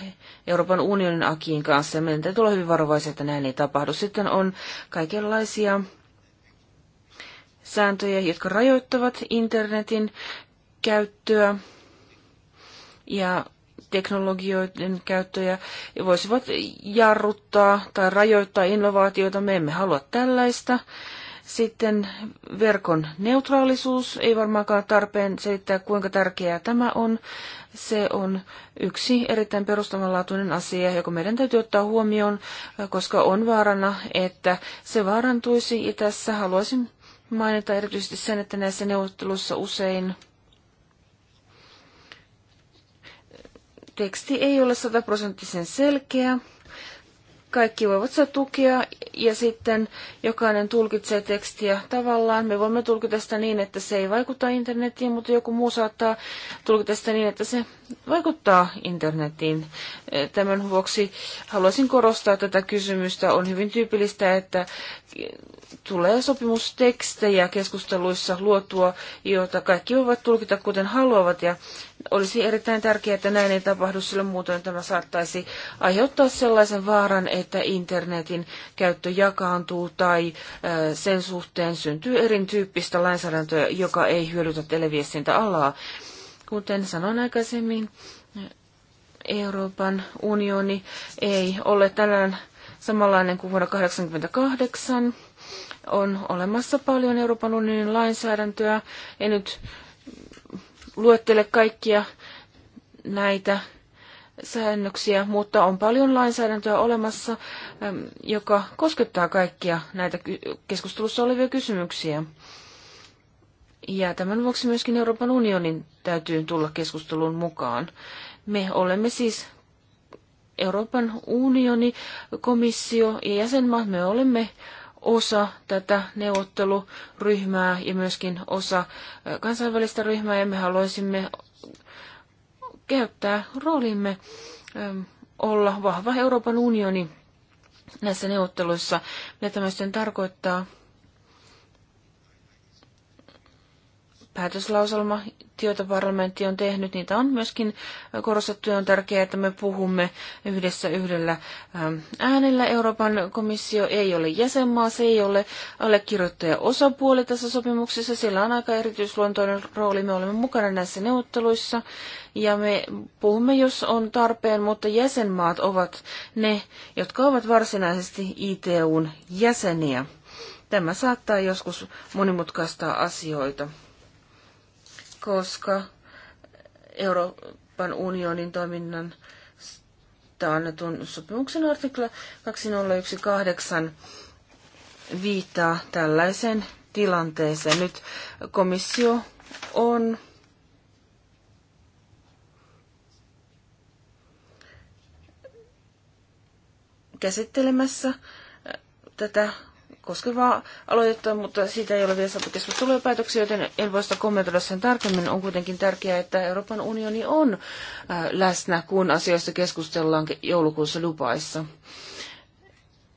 Euroopan unionin akiin kanssa. Meidän täytyy olla hyvin varovaisia, että näin ei tapahdu. Sitten on kaikenlaisia sääntöjä, jotka rajoittavat internetin käyttöä ja teknologioiden käyttöjä ja voisivat jarruttaa tai rajoittaa innovaatioita. Me emme halua tällaista. Sitten verkon neutraalisuus. Ei varmaankaan tarpeen selittää, kuinka tärkeää tämä on. Se on yksi erittäin perustavanlaatuinen asia, joka meidän täytyy ottaa huomioon, koska on vaarana, että se vaarantuisi. Ja tässä haluaisin mainita erityisesti sen, että näissä neuvotteluissa usein teksti ei ole sataprosenttisen selkeä kaikki voivat sitä tukea ja sitten jokainen tulkitsee tekstiä tavallaan. Me voimme tulkita sitä niin, että se ei vaikuta internetiin, mutta joku muu saattaa tulkita sitä niin, että se vaikuttaa internetiin. E, tämän vuoksi haluaisin korostaa tätä kysymystä. On hyvin tyypillistä, että tulee sopimustekstejä keskusteluissa luotua, joita kaikki voivat tulkita kuten haluavat ja olisi erittäin tärkeää, että näin ei tapahdu, sillä muutoin tämä saattaisi aiheuttaa sellaisen vaaran, että internetin käyttö jakaantuu tai sen suhteen syntyy erityyppistä lainsäädäntöä, joka ei hyödytä televiestintäalaa. Kuten sanoin aikaisemmin, Euroopan unioni ei ole tänään samanlainen kuin vuonna 1988. On olemassa paljon Euroopan unionin lainsäädäntöä. En nyt luettele kaikkia näitä säännöksiä, mutta on paljon lainsäädäntöä olemassa, joka koskettaa kaikkia näitä keskustelussa olevia kysymyksiä. Ja tämän vuoksi myöskin Euroopan unionin täytyy tulla keskusteluun mukaan. Me olemme siis Euroopan unioni, komissio ja jäsenmaat, me olemme osa tätä neuvotteluryhmää ja myöskin osa kansainvälistä ryhmää ja me haluaisimme käyttää roolimme olla vahva Euroopan unioni näissä neuvotteluissa. Mitä tämä sitten tarkoittaa? päätöslauselma, joita parlamentti on tehnyt, niitä on myöskin korostettu ja on tärkeää, että me puhumme yhdessä yhdellä ähm, äänellä. Euroopan komissio ei ole jäsenmaa, se ei ole allekirjoittaja osapuoli tässä sopimuksessa, sillä on aika erityisluontoinen rooli, me olemme mukana näissä neuvotteluissa ja me puhumme, jos on tarpeen, mutta jäsenmaat ovat ne, jotka ovat varsinaisesti ITUn jäseniä. Tämä saattaa joskus monimutkaistaa asioita koska Euroopan unionin toiminnan annetun sopimuksen artikla 2018 viittaa tällaiseen tilanteeseen. Nyt komissio on käsittelemässä tätä koskevaa aloitetta, mutta siitä ei ole vielä saatu keskustelua päätöksiä, joten en voi sitä kommentoida sen tarkemmin. On kuitenkin tärkeää, että Euroopan unioni on äh, läsnä, kun asioista keskustellaan joulukuussa Dubaissa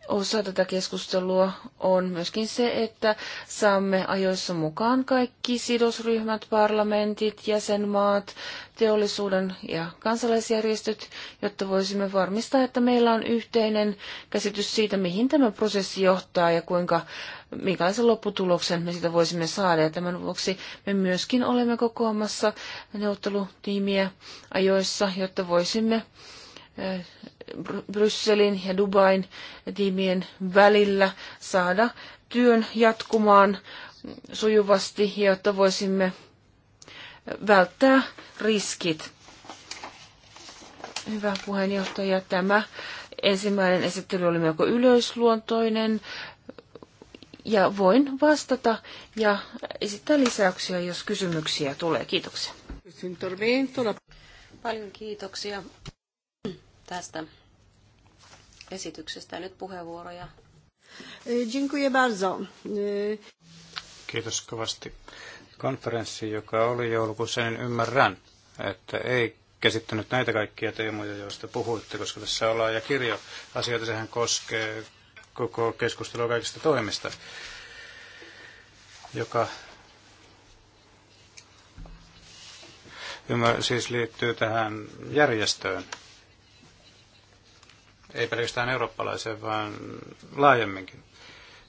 osa tätä keskustelua on myöskin se, että saamme ajoissa mukaan kaikki sidosryhmät, parlamentit, jäsenmaat, teollisuuden ja kansalaisjärjestöt, jotta voisimme varmistaa, että meillä on yhteinen käsitys siitä, mihin tämä prosessi johtaa ja kuinka minkälaisen lopputuloksen me sitä voisimme saada. Ja tämän vuoksi me myöskin olemme kokoamassa neuvottelutiimiä ajoissa, jotta voisimme Brysselin ja Dubain tiimien välillä saada työn jatkumaan sujuvasti, jotta voisimme välttää riskit. Hyvä puheenjohtaja, tämä ensimmäinen esittely oli melko ylösluontoinen ja voin vastata ja esittää lisäyksiä, jos kysymyksiä tulee. Kiitoksia. Paljon kiitoksia tästä esityksestä. Nyt puheenvuoroja. Dziękuję bardzo. Kiitos kovasti. Konferenssi, joka oli joulukuussa, niin ymmärrän, että ei käsittänyt näitä kaikkia teemoja, joista puhuitte, koska tässä ollaan ja kirjo asioita, sehän koskee koko keskustelua kaikista toimista, joka siis liittyy tähän järjestöön, ei pelkästään eurooppalaiseen, vaan laajemminkin.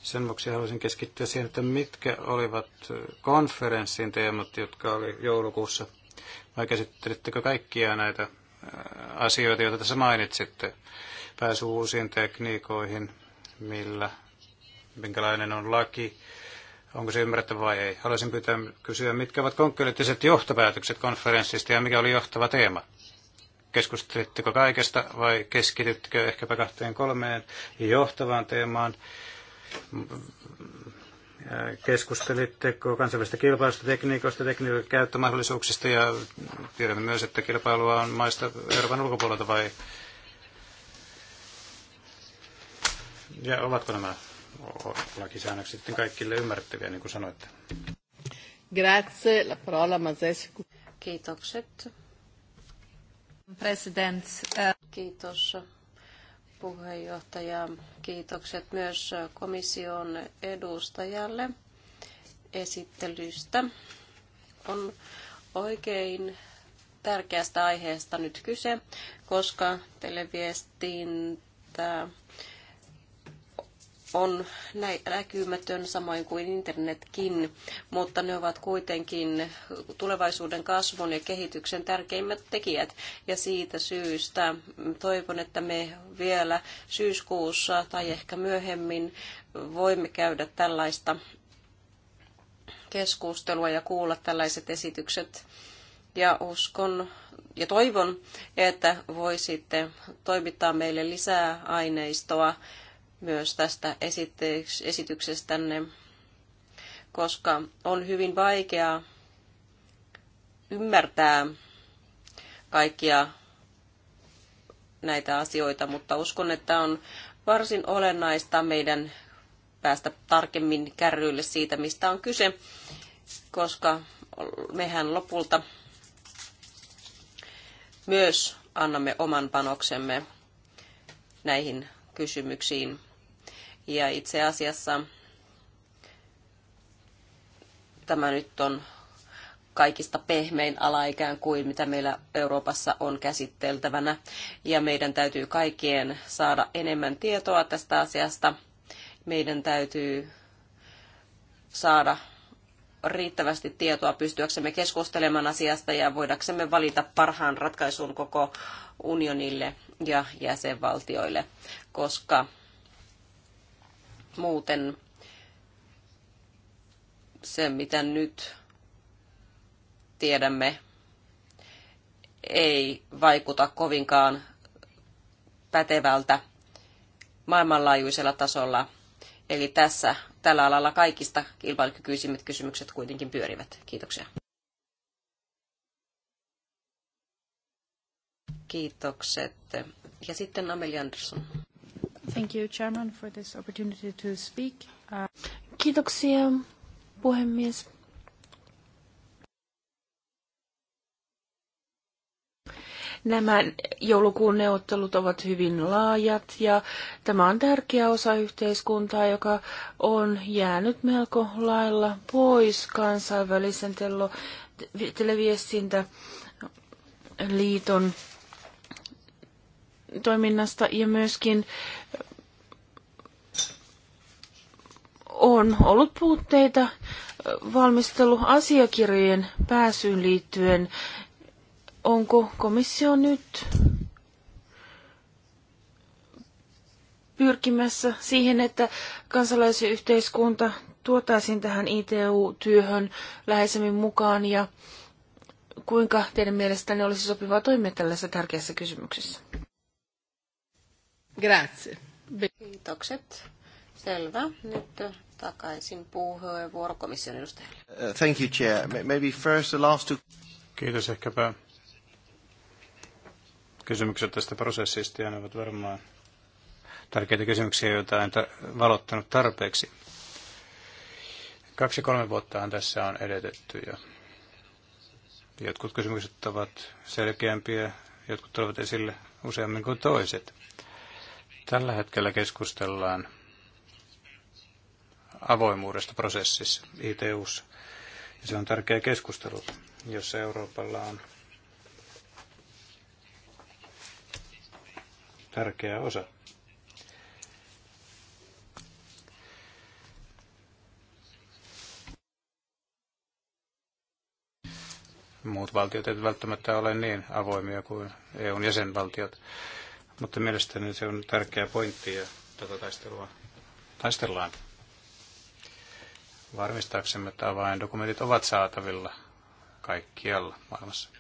Sen vuoksi haluaisin keskittyä siihen, että mitkä olivat konferenssin teemat, jotka oli joulukuussa. Vai käsittelittekö kaikkia näitä äh, asioita, joita tässä mainitsitte? Pääsy uusiin tekniikoihin, millä, minkälainen on laki, onko se ymmärrettävä vai ei. Haluaisin pyytää kysyä, mitkä ovat konkreettiset johtopäätökset konferenssista ja mikä oli johtava teema? Keskustelitteko kaikesta vai keskityttekö ehkäpä kahteen kolmeen johtavaan teemaan? Keskustelitteko kansainvälistä kilpailusta, tekniikoista, tekniikan käyttömahdollisuuksista ja tiedämme myös, että kilpailua on maista Euroopan ulkopuolelta vai ja ovatko nämä lakisäännökset sitten kaikille ymmärrettäviä, niin kuin sanoitte? Grazie, la parola Kiitokset. President. Uh, Kiitos puheenjohtaja. Kiitokset myös komission edustajalle esittelystä. On oikein tärkeästä aiheesta nyt kyse, koska televiestintä on näkymätön samoin kuin internetkin, mutta ne ovat kuitenkin tulevaisuuden kasvun ja kehityksen tärkeimmät tekijät. Ja siitä syystä toivon, että me vielä syyskuussa tai ehkä myöhemmin voimme käydä tällaista keskustelua ja kuulla tällaiset esitykset. Ja uskon ja toivon, että voisitte toimittaa meille lisää aineistoa myös tästä esityksestänne, koska on hyvin vaikeaa ymmärtää kaikkia näitä asioita, mutta uskon, että on varsin olennaista meidän päästä tarkemmin kärryille siitä, mistä on kyse, koska mehän lopulta myös annamme oman panoksemme näihin kysymyksiin. Ja itse asiassa tämä nyt on kaikista pehmein ala ikään kuin, mitä meillä Euroopassa on käsitteltävänä. Ja meidän täytyy kaikkien saada enemmän tietoa tästä asiasta. Meidän täytyy saada riittävästi tietoa pystyäksemme keskustelemaan asiasta ja voidaksemme valita parhaan ratkaisun koko unionille ja jäsenvaltioille, koska muuten se, mitä nyt tiedämme, ei vaikuta kovinkaan pätevältä maailmanlaajuisella tasolla. Eli tässä tällä alalla kaikista kilpailukykyisimmät kysymykset kuitenkin pyörivät. Kiitoksia. Kiitokset. Ja sitten Amelia Andersson. Thank you, Chairman, for this opportunity to speak. Uh, Kiitoksia, puhemies. Nämä joulukuun neuvottelut ovat hyvin laajat ja tämä on tärkeä osa yhteiskuntaa, joka on jäänyt melko lailla pois kansainvälisen tello, televiestintäliiton toiminnasta ja myöskin on ollut puutteita valmisteluasiakirjojen pääsyyn liittyen. Onko komissio nyt pyrkimässä siihen, että kansalaisyhteiskunta tuotaisiin tähän ITU-työhön läheisemmin mukaan ja kuinka teidän mielestänne olisi sopivaa toimia tällaisessa tärkeässä kysymyksessä? Grazie. Kiitokset. Selvä. Nyt takaisin puheenvuoro komission edustajalle. Uh, thank you, Chair. Maybe first the last two... Kiitos ehkäpä kysymykset tästä prosessista ja ne ovat varmaan tärkeitä kysymyksiä, joita en valottanut tarpeeksi. Kaksi-kolme vuottahan tässä on edetetty ja jotkut kysymykset ovat selkeämpiä, jotkut tulevat esille useammin kuin toiset. Tällä hetkellä keskustellaan avoimuudesta prosessissa ITUssa. Ja se on tärkeä keskustelu, jos Euroopalla on tärkeä osa. Muut valtiot eivät välttämättä ole niin avoimia kuin EUn jäsenvaltiot, mutta mielestäni se on tärkeä pointti ja tätä taistelua taistellaan varmistaaksemme, että avaindokumentit ovat saatavilla kaikkialla maailmassa.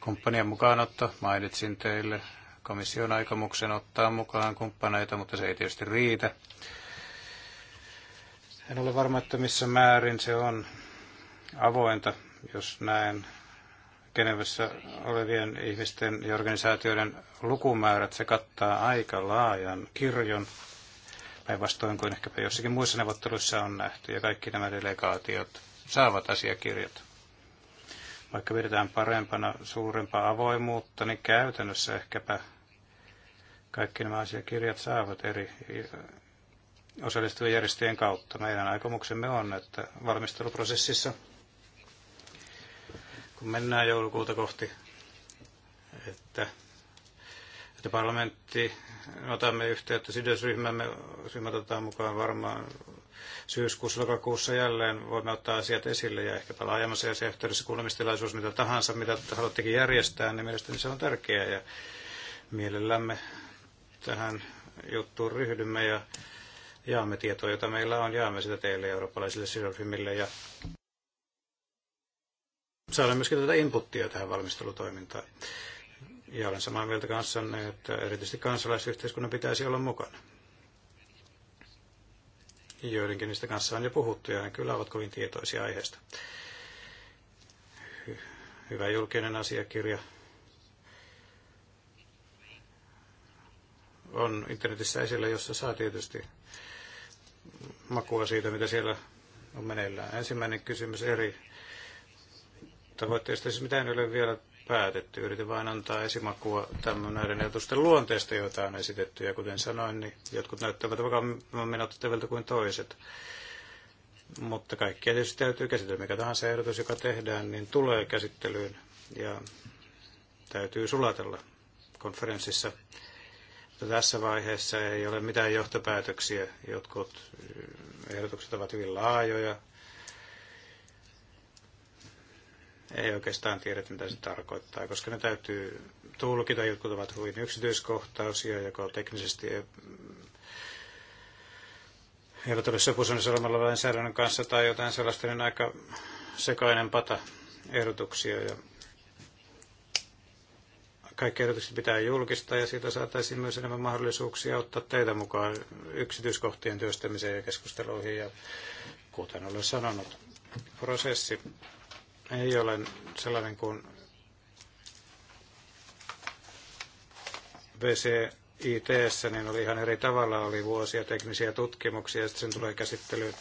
Kumppanien mukaanotto mainitsin teille. Komission aikomuksen ottaa mukaan kumppaneita, mutta se ei tietysti riitä. En ole varma, että missä määrin se on avointa, jos näen Genevessä olevien ihmisten ja organisaatioiden lukumäärät. Se kattaa aika laajan kirjon päinvastoin kuin ehkäpä jossakin muissa neuvotteluissa on nähty, ja kaikki nämä delegaatiot saavat asiakirjat. Vaikka pidetään parempana suurempaa avoimuutta, niin käytännössä ehkäpä kaikki nämä asiakirjat saavat eri osallistuvien järjestöjen kautta. Meidän aikomuksemme on, että valmisteluprosessissa, kun mennään joulukuuta kohti, että, että parlamentti otamme yhteyttä sidosryhmämme, ryhmät otetaan mukaan varmaan syyskuussa, lokakuussa jälleen voimme ottaa asiat esille ja ehkäpä laajemmassa ja yhteydessä kuulemistilaisuus, mitä tahansa, mitä haluattekin järjestää, niin mielestäni se on tärkeää ja mielellämme tähän juttuun ryhdymme ja jaamme tietoa, jota meillä on, jaamme sitä teille eurooppalaisille sidosryhmille ja saadaan myöskin tätä inputtia tähän valmistelutoimintaan. Ja olen samaa mieltä kanssanne, että erityisesti kansalaisyhteiskunnan pitäisi olla mukana. Joidenkin niistä kanssa on jo puhuttu ja ne kyllä ovat kovin tietoisia aiheesta. Hyvä julkinen asiakirja on internetissä esillä, jossa saa tietysti makua siitä, mitä siellä on meneillään. Ensimmäinen kysymys eri tavoitteista. Siis mitä en ole vielä päätetty. Yritin vain antaa esimakua tämän näiden ajatusten luonteesta, joita on esitetty. Ja kuten sanoin, niin jotkut näyttävät vakavammin menottavilta kuin toiset. Mutta kaikkia tietysti täytyy käsitellä. Mikä tahansa ehdotus, joka tehdään, niin tulee käsittelyyn ja täytyy sulatella konferenssissa. Mutta tässä vaiheessa ei ole mitään johtopäätöksiä. Jotkut ehdotukset ovat hyvin laajoja, ei oikeastaan tiedä, mitä se tarkoittaa, koska ne täytyy tulkita. Jotkut ovat hyvin yksityiskohtaisia, joko teknisesti eivät ole sopusunnissa olemalla lainsäädännön kanssa tai jotain sellaista, niin aika sekainen pata ehdotuksia. Ja kaikki ehdotukset pitää julkistaa ja siitä saataisiin myös enemmän mahdollisuuksia ottaa teitä mukaan yksityiskohtien työstämiseen ja keskusteluihin. Ja kuten olen sanonut, prosessi ei ole sellainen kuin VCIT, niin oli ihan eri tavalla, oli vuosia teknisiä tutkimuksia, ja sitten sen tulee käsittelyyn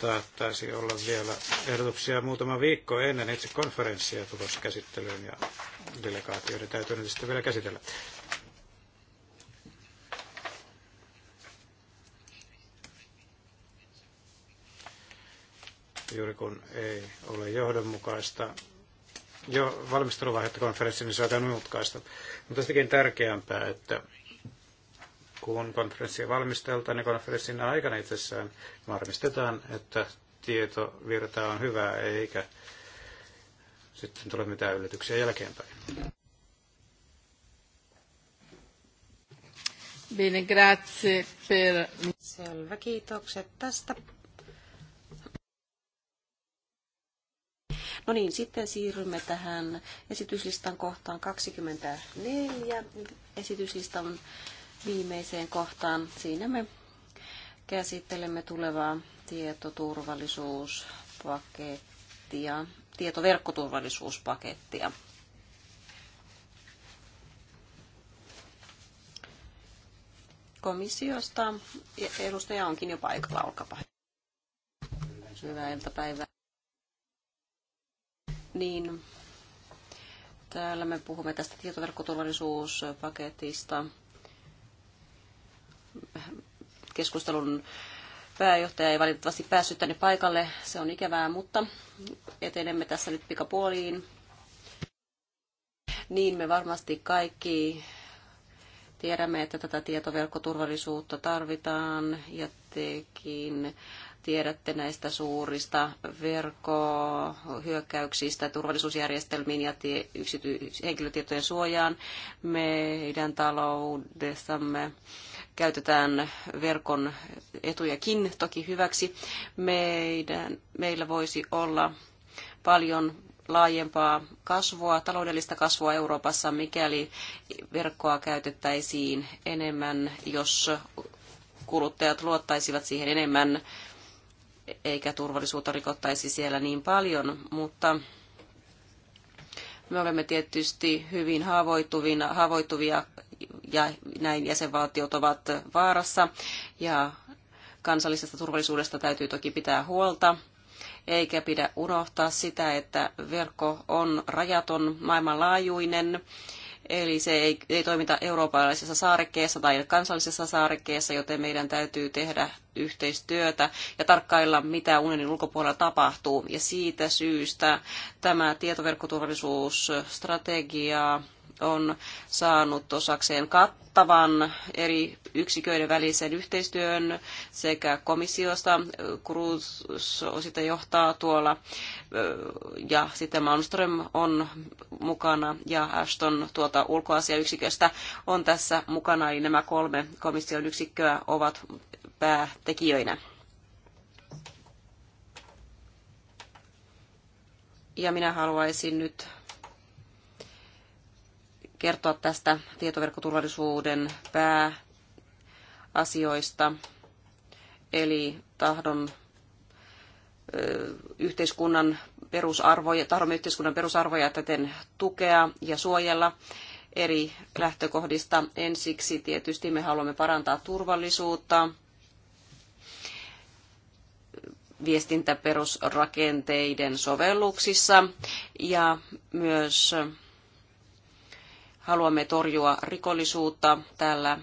taattaisi olla vielä ehdotuksia muutama viikko ennen itse konferenssia tulossa käsittelyyn ja delegaatioiden täytyy nyt sitten vielä käsitellä. juuri kun ei ole johdonmukaista jo valmisteluvaihetta konferenssin, niin se on jotain mutkaista. Mutta sitäkin tärkeämpää, että kun konferenssia valmisteltaan, niin konferenssin aikana itsessään varmistetaan, että tietovirta on hyvää, eikä sitten tule mitään yllätyksiä jälkeenpäin. Bene, grazie per... Selvä, kiitokset tästä. No niin, sitten siirrymme tähän esityslistan kohtaan 24, esityslistan viimeiseen kohtaan. Siinä me käsittelemme tulevaa tietoturvallisuuspakettia, tietoverkkoturvallisuuspakettia. Komissiosta edustaja onkin jo paikalla, olkapa. Hyvää iltapäivää. Niin, täällä me puhumme tästä tietoverkkoturvallisuuspaketista. Keskustelun pääjohtaja ei valitettavasti päässyt tänne paikalle, se on ikävää, mutta etenemme tässä nyt pikapuoliin. Niin me varmasti kaikki tiedämme, että tätä tietoverkkoturvallisuutta tarvitaan ja tekin Tiedätte näistä suurista verkkohyökkäyksistä turvallisuusjärjestelmiin ja tie- yksity- henkilötietojen suojaan. Meidän taloudessamme käytetään verkon etujakin toki hyväksi. Meidän, meillä voisi olla paljon laajempaa kasvua, taloudellista kasvua Euroopassa, mikäli verkkoa käytettäisiin enemmän, jos kuluttajat luottaisivat siihen enemmän eikä turvallisuutta rikottaisi siellä niin paljon, mutta me olemme tietysti hyvin haavoittuvina, haavoittuvia ja näin jäsenvaltiot ovat vaarassa ja kansallisesta turvallisuudesta täytyy toki pitää huolta eikä pidä unohtaa sitä, että verkko on rajaton, maailmanlaajuinen eli se ei, ei toimita eurooppalaisessa saarekkeessa tai kansallisessa saarekkeessa, joten meidän täytyy tehdä yhteistyötä ja tarkkailla, mitä unionin ulkopuolella tapahtuu. Ja siitä syystä tämä tietoverkkoturvallisuusstrategia on saanut osakseen kattavan eri yksiköiden välisen yhteistyön sekä komissiosta. Cruz sitä johtaa tuolla ja sitten Malmström on mukana ja Ashton tuolta ulkoasiayksiköstä on tässä mukana. Eli nämä kolme komission yksikköä ovat päätekijöinä. Ja minä haluaisin nyt kertoa tästä tietoverkkoturvallisuuden pääasioista, eli tahdon yhteiskunnan perusarvoja, tahdomme yhteiskunnan perusarvoja täten tukea ja suojella eri lähtökohdista. Ensiksi tietysti me haluamme parantaa turvallisuutta, viestintäperusrakenteiden sovelluksissa ja myös haluamme torjua rikollisuutta tällä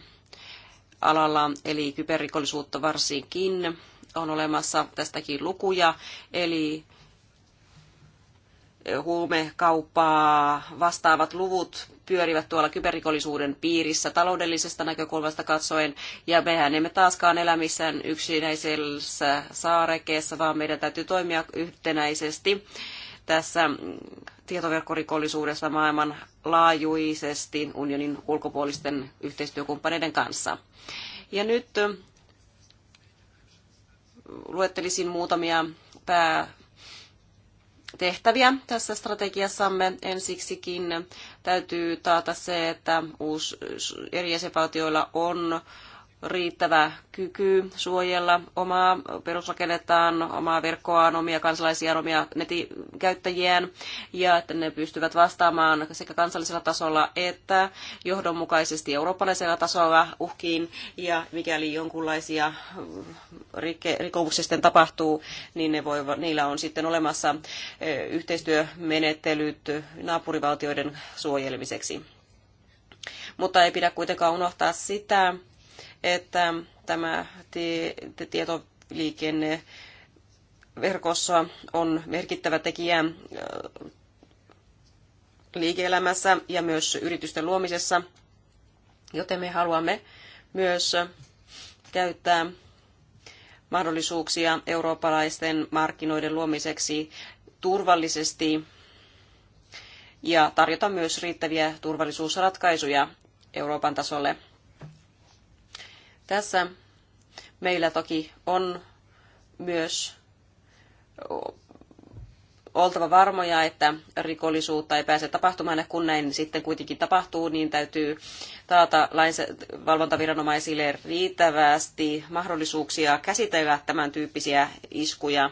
alalla, eli kyberrikollisuutta varsinkin. On olemassa tästäkin lukuja, eli huumekauppaa vastaavat luvut pyörivät tuolla kyberrikollisuuden piirissä taloudellisesta näkökulmasta katsoen, ja mehän emme taaskaan elä missään yksinäisessä saarekeessa, vaan meidän täytyy toimia yhtenäisesti tässä tietoverkkorikollisuudessa maailman laajuisesti unionin ulkopuolisten yhteistyökumppaneiden kanssa. Ja nyt luettelisin muutamia päätehtäviä tässä strategiassamme. Ensiksikin täytyy taata se, että uusi, eri jäsenvaltioilla on riittävä kyky suojella omaa perusrakennettaan, omaa verkkoaan, omia kansalaisia, omia netikäyttäjiään, ja että ne pystyvät vastaamaan sekä kansallisella tasolla että johdonmukaisesti eurooppalaisella tasolla uhkiin, ja mikäli jonkunlaisia rikkomuksia sitten tapahtuu, niin ne voi, niillä on sitten olemassa yhteistyömenettelyt naapurivaltioiden suojelemiseksi. Mutta ei pidä kuitenkaan unohtaa sitä, että tämä tietoliikenne verkossa on merkittävä tekijä liike-elämässä ja myös yritysten luomisessa, joten me haluamme myös käyttää mahdollisuuksia eurooppalaisten markkinoiden luomiseksi turvallisesti ja tarjota myös riittäviä turvallisuusratkaisuja Euroopan tasolle. Tässä meillä toki on myös oltava varmoja, että rikollisuutta ei pääse tapahtumaan, ja kun näin sitten kuitenkin tapahtuu, niin täytyy taata valvontaviranomaisille riittävästi mahdollisuuksia käsitellä tämän tyyppisiä iskuja.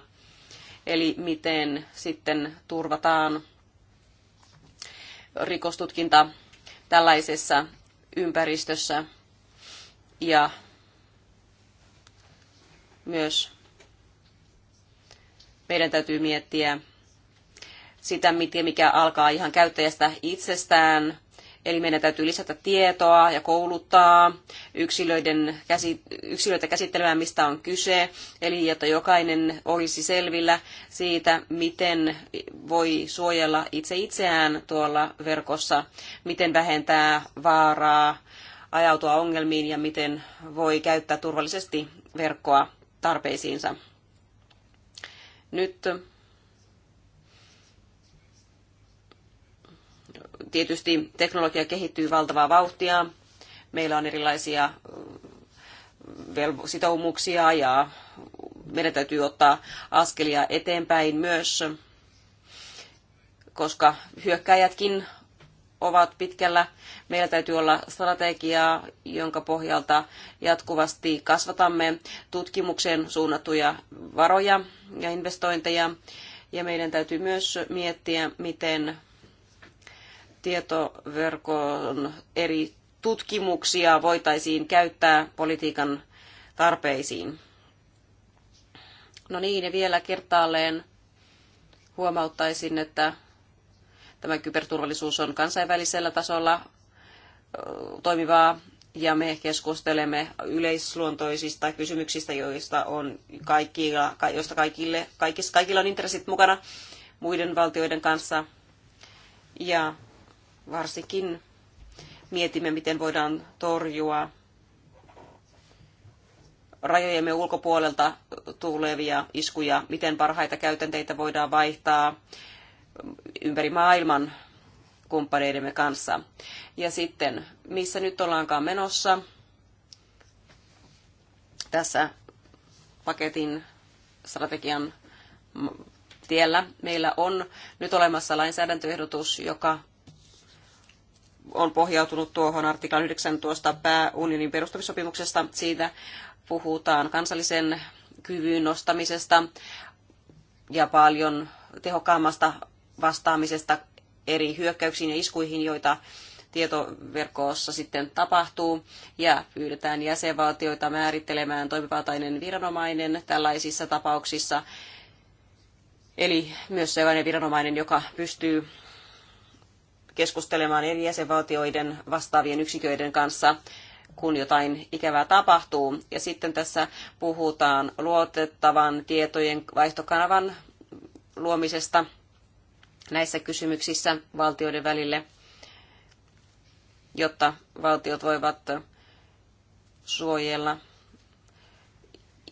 Eli miten sitten turvataan rikostutkinta tällaisessa ympäristössä ja myös meidän täytyy miettiä sitä, mikä alkaa ihan käyttäjästä itsestään. Eli meidän täytyy lisätä tietoa ja kouluttaa yksilöiden, yksilöitä käsittelemään, mistä on kyse. Eli että jokainen olisi selvillä siitä, miten voi suojella itse itseään tuolla verkossa, miten vähentää vaaraa ajautua ongelmiin ja miten voi käyttää turvallisesti verkkoa tarpeisiinsa. Nyt tietysti teknologia kehittyy valtavaa vauhtia. Meillä on erilaisia sitoumuksia ja meidän täytyy ottaa askelia eteenpäin myös, koska hyökkäjätkin ovat pitkällä. Meillä täytyy olla strategiaa, jonka pohjalta jatkuvasti kasvatamme tutkimuksen suunnattuja varoja ja investointeja. Ja meidän täytyy myös miettiä, miten tietoverkon eri tutkimuksia voitaisiin käyttää politiikan tarpeisiin. No niin, ja vielä kertaalleen huomauttaisin, että Tämä kyberturvallisuus on kansainvälisellä tasolla toimivaa ja me keskustelemme yleisluontoisista kysymyksistä, joista on kaikilla, joista kaikille, kaikissa, kaikilla on intressit mukana muiden valtioiden kanssa. Ja varsinkin mietimme, miten voidaan torjua rajojemme ulkopuolelta tulevia iskuja, miten parhaita käytänteitä voidaan vaihtaa ympäri maailman kumppaneidemme kanssa. Ja sitten, missä nyt ollaankaan menossa tässä paketin strategian tiellä. Meillä on nyt olemassa lainsäädäntöehdotus, joka on pohjautunut tuohon artiklan 19 pääunionin perustamissopimuksesta. Siitä puhutaan kansallisen kyvyn nostamisesta ja paljon tehokkaammasta vastaamisesta eri hyökkäyksiin ja iskuihin, joita tietoverkossa sitten tapahtuu ja pyydetään jäsenvaltioita määrittelemään toimivaltainen viranomainen tällaisissa tapauksissa. Eli myös sellainen viranomainen, joka pystyy keskustelemaan eri jäsenvaltioiden vastaavien yksiköiden kanssa, kun jotain ikävää tapahtuu. Ja sitten tässä puhutaan luotettavan tietojen vaihtokanavan luomisesta – näissä kysymyksissä valtioiden välille, jotta valtiot voivat suojella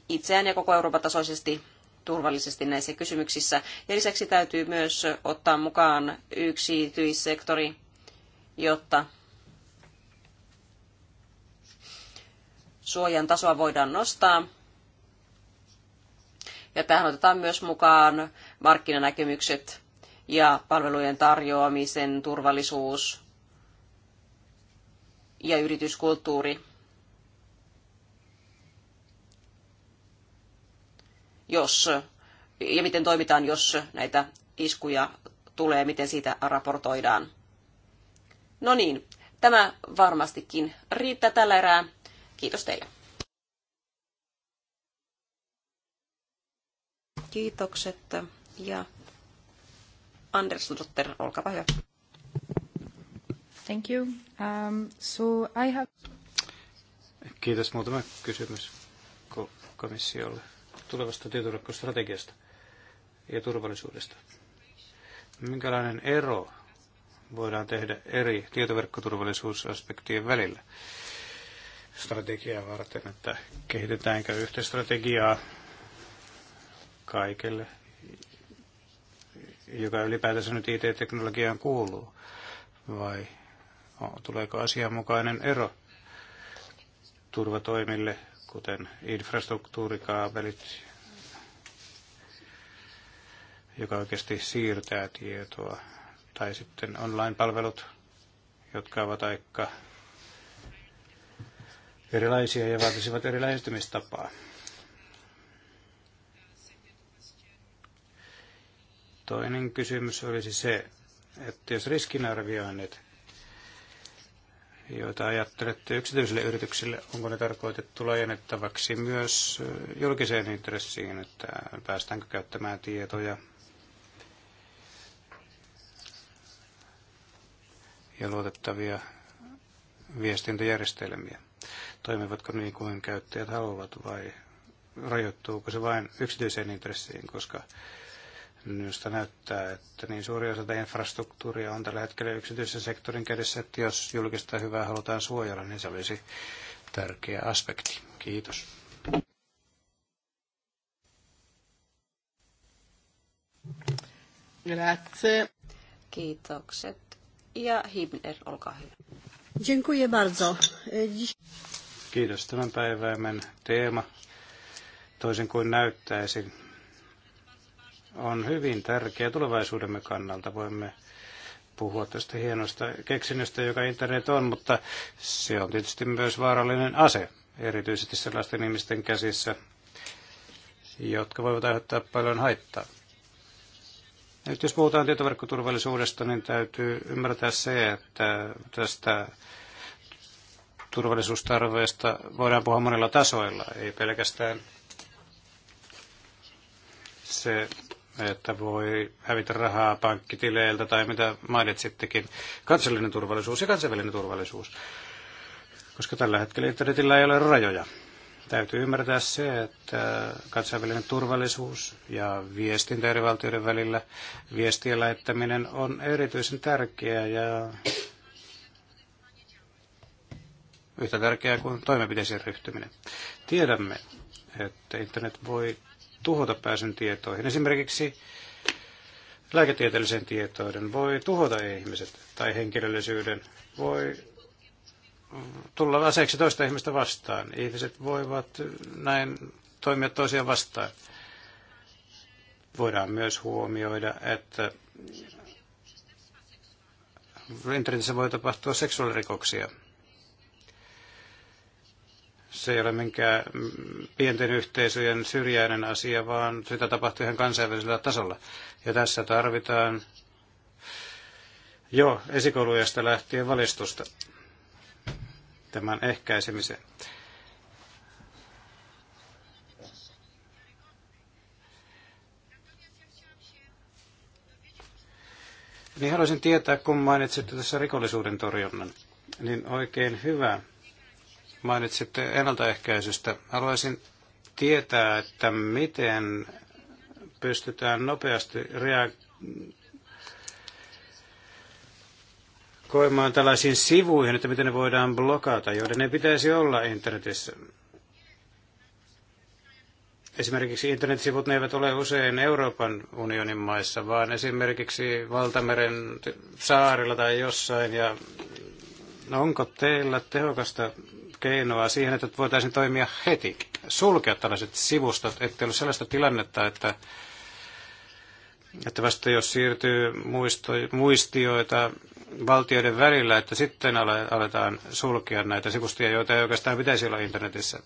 itseään ja koko Euroopan tasoisesti turvallisesti näissä kysymyksissä. Ja lisäksi täytyy myös ottaa mukaan yksityissektori, jotta suojan tasoa voidaan nostaa. Ja tähän otetaan myös mukaan markkinanäkemykset ja palvelujen tarjoamisen turvallisuus ja yrityskulttuuri. Jos, ja miten toimitaan, jos näitä iskuja tulee, miten siitä raportoidaan. No niin, tämä varmastikin riittää tällä erää. Kiitos teille. Kiitokset ja Anders Dotter, olkaa hyvä. Thank you. Um, so I have... Kiitos. Muutama kysymys komissiolle tulevasta tietoverkkostrategiasta ja turvallisuudesta. Minkälainen ero voidaan tehdä eri tietoverkkoturvallisuusaspektien välillä strategiaa varten, että kehitetäänkö yhtä strategiaa kaikille joka ylipäätänsä nyt IT-teknologiaan kuuluu, vai tuleeko asianmukainen ero turvatoimille, kuten infrastruktuurikaapelit, joka oikeasti siirtää tietoa, tai sitten online-palvelut, jotka ovat aika erilaisia ja vaatisivat eri lähestymistapaa. Toinen kysymys olisi se, että jos riskinarvioinnit, joita ajattelette yksityisille yrityksille, onko ne tarkoitettu laajennettavaksi myös julkiseen intressiin, että päästäänkö käyttämään tietoja ja luotettavia viestintäjärjestelmiä? Toimivatko niin kuin käyttäjät haluavat vai rajoittuuko se vain yksityiseen intressiin, koska Minusta näyttää, että niin suuri osa infrastruktuuria on tällä hetkellä yksityisen sektorin kädessä, että jos julkista hyvää halutaan suojella, niin se olisi tärkeä aspekti. Kiitos. Grazie. Kiitokset. Ja Himner, olkaa hyvä. Dziękuję bardzo. E, Kiitos tämän päivän teema. Toisin kuin näyttäisi, on hyvin tärkeä tulevaisuudemme kannalta. Voimme puhua tästä hienosta keksinnöstä, joka internet on, mutta se on tietysti myös vaarallinen ase, erityisesti sellaisten ihmisten käsissä, jotka voivat aiheuttaa paljon haittaa. Nyt jos puhutaan tietoverkkoturvallisuudesta, niin täytyy ymmärtää se, että tästä turvallisuustarveesta voidaan puhua monilla tasoilla, ei pelkästään se että voi hävitä rahaa pankkitileiltä tai mitä mainitsittekin, kansallinen turvallisuus ja kansainvälinen turvallisuus, koska tällä hetkellä internetillä ei ole rajoja. Täytyy ymmärtää se, että kansainvälinen turvallisuus ja viestintä eri valtioiden välillä, viestien lähettäminen on erityisen tärkeää ja yhtä tärkeää kuin toimenpiteisiin ryhtyminen. Tiedämme, että internet voi tuhota pääsyn tietoihin. Esimerkiksi lääketieteellisen tietoiden voi tuhota ihmiset tai henkilöllisyyden, voi tulla aseeksi toista ihmistä vastaan. Ihmiset voivat näin toimia toisia vastaan. Voidaan myös huomioida, että internetissä voi tapahtua seksuaalirikoksia se ei ole minkään pienten yhteisöjen syrjäinen asia, vaan sitä tapahtuu ihan kansainvälisellä tasolla. Ja tässä tarvitaan jo esikoulujasta lähtien valistusta tämän ehkäisemiseen. Niin haluaisin tietää, kun mainitsitte tässä rikollisuuden torjunnan, niin oikein hyvä Mainitsitte ennaltaehkäisystä. Haluaisin tietää, että miten pystytään nopeasti reagoimaan tällaisiin sivuihin, että miten ne voidaan blokata, joiden ne pitäisi olla internetissä. Esimerkiksi internetsivut ne eivät ole usein Euroopan unionin maissa, vaan esimerkiksi Valtameren saarilla tai jossain. Ja onko teillä tehokasta keinoa siihen, että voitaisiin toimia heti, sulkea tällaiset sivustot, ettei ole sellaista tilannetta, että, että vasta jos siirtyy muisto, muistioita valtioiden välillä, että sitten aletaan sulkea näitä sivustoja, joita ei oikeastaan pitäisi olla internetissä.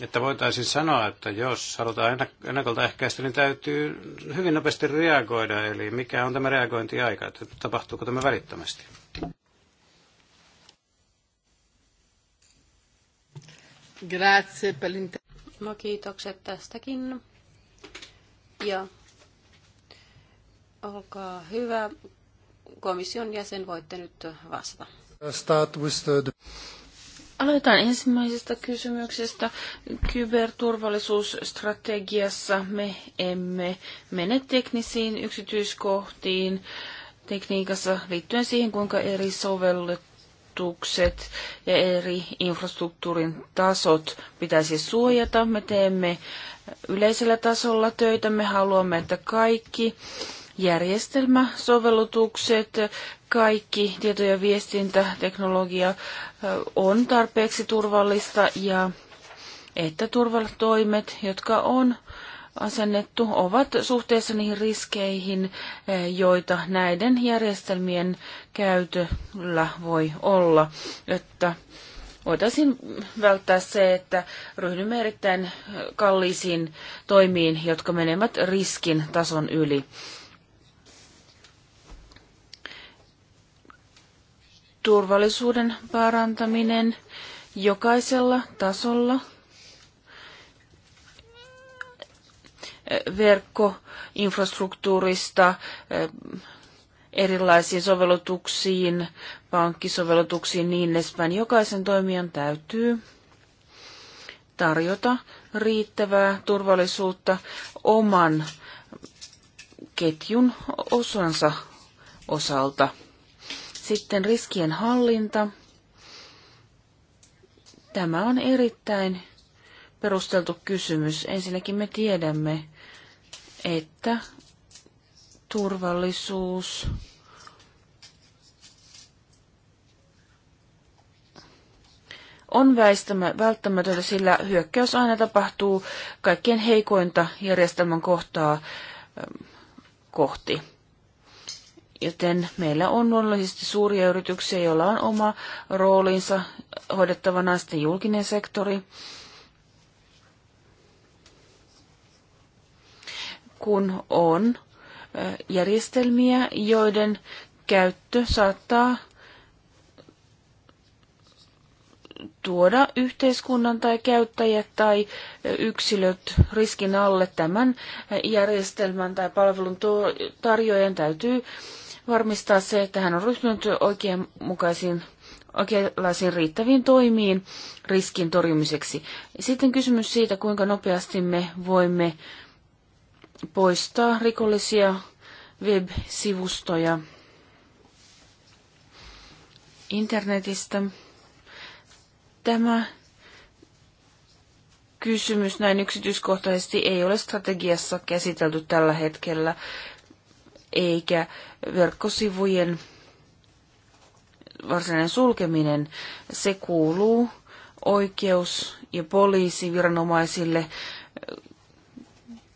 Että voitaisiin sanoa, että jos halutaan ehkäistä, niin täytyy hyvin nopeasti reagoida. Eli mikä on tämä reagointiaika, että tapahtuuko tämä välittömästi? Grazie per No kiitokset tästäkin. Ja olkaa hyvä. Komission jäsen voitte nyt vastata. Start with the... Aloitetaan ensimmäisestä kysymyksestä. Kyberturvallisuusstrategiassa me emme mene teknisiin yksityiskohtiin tekniikassa liittyen siihen, kuinka eri sovellut panostukset ja eri infrastruktuurin tasot pitäisi suojata. Me teemme yleisellä tasolla töitä. Me haluamme, että kaikki järjestelmäsovellutukset, kaikki tieto- ja viestintäteknologia on tarpeeksi turvallista ja että turvatoimet, jotka on asennettu, ovat suhteessa niihin riskeihin, eh, joita näiden järjestelmien käytöllä voi olla, että voitaisiin välttää se, että ryhdymme erittäin eh, kalliisiin toimiin, jotka menevät riskin tason yli. Turvallisuuden parantaminen jokaisella tasolla – verkkoinfrastruktuurista eh, erilaisiin sovellutuksiin, pankkisovellutuksiin niin edespäin. Jokaisen toimijan täytyy tarjota riittävää turvallisuutta oman ketjun osansa osalta. Sitten riskien hallinta. Tämä on erittäin perusteltu kysymys. Ensinnäkin me tiedämme, että turvallisuus on välttämätöntä, sillä hyökkäys aina tapahtuu kaikkien heikointa järjestelmän kohtaa ähm, kohti. Joten meillä on luonnollisesti suuria yrityksiä, joilla on oma roolinsa hoidettavana sitten julkinen sektori. kun on järjestelmiä, joiden käyttö saattaa tuoda yhteiskunnan tai käyttäjät tai yksilöt riskin alle tämän järjestelmän tai palvelun tarjoajan täytyy varmistaa se, että hän on ryhtynyt oikeanmukaisiin oikeanlaisiin riittäviin toimiin riskin torjumiseksi. Sitten kysymys siitä, kuinka nopeasti me voimme poistaa rikollisia web-sivustoja internetistä. Tämä kysymys näin yksityiskohtaisesti ei ole strategiassa käsitelty tällä hetkellä, eikä verkkosivujen varsinainen sulkeminen, se kuuluu oikeus- ja poliisiviranomaisille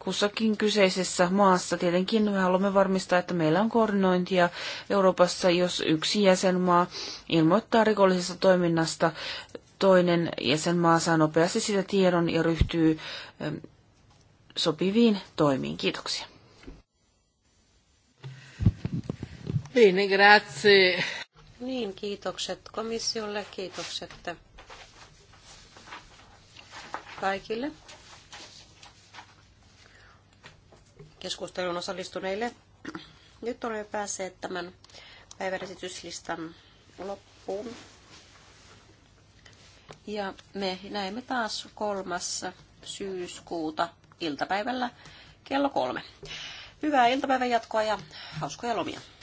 kussakin kyseisessä maassa. Tietenkin me haluamme varmistaa, että meillä on koordinointia Euroopassa, jos yksi jäsenmaa ilmoittaa rikollisesta toiminnasta, toinen jäsenmaa saa nopeasti sitä tiedon ja ryhtyy sopiviin toimiin. Kiitoksia. Bene, grazie. Niin, kiitokset komissiolle, kiitokset kaikille keskusteluun osallistuneille. Nyt olemme päässeet tämän päiväresityslistan loppuun. Ja me näemme taas kolmassa syyskuuta iltapäivällä kello kolme. Hyvää iltapäivän jatkoa ja hauskoja lomia.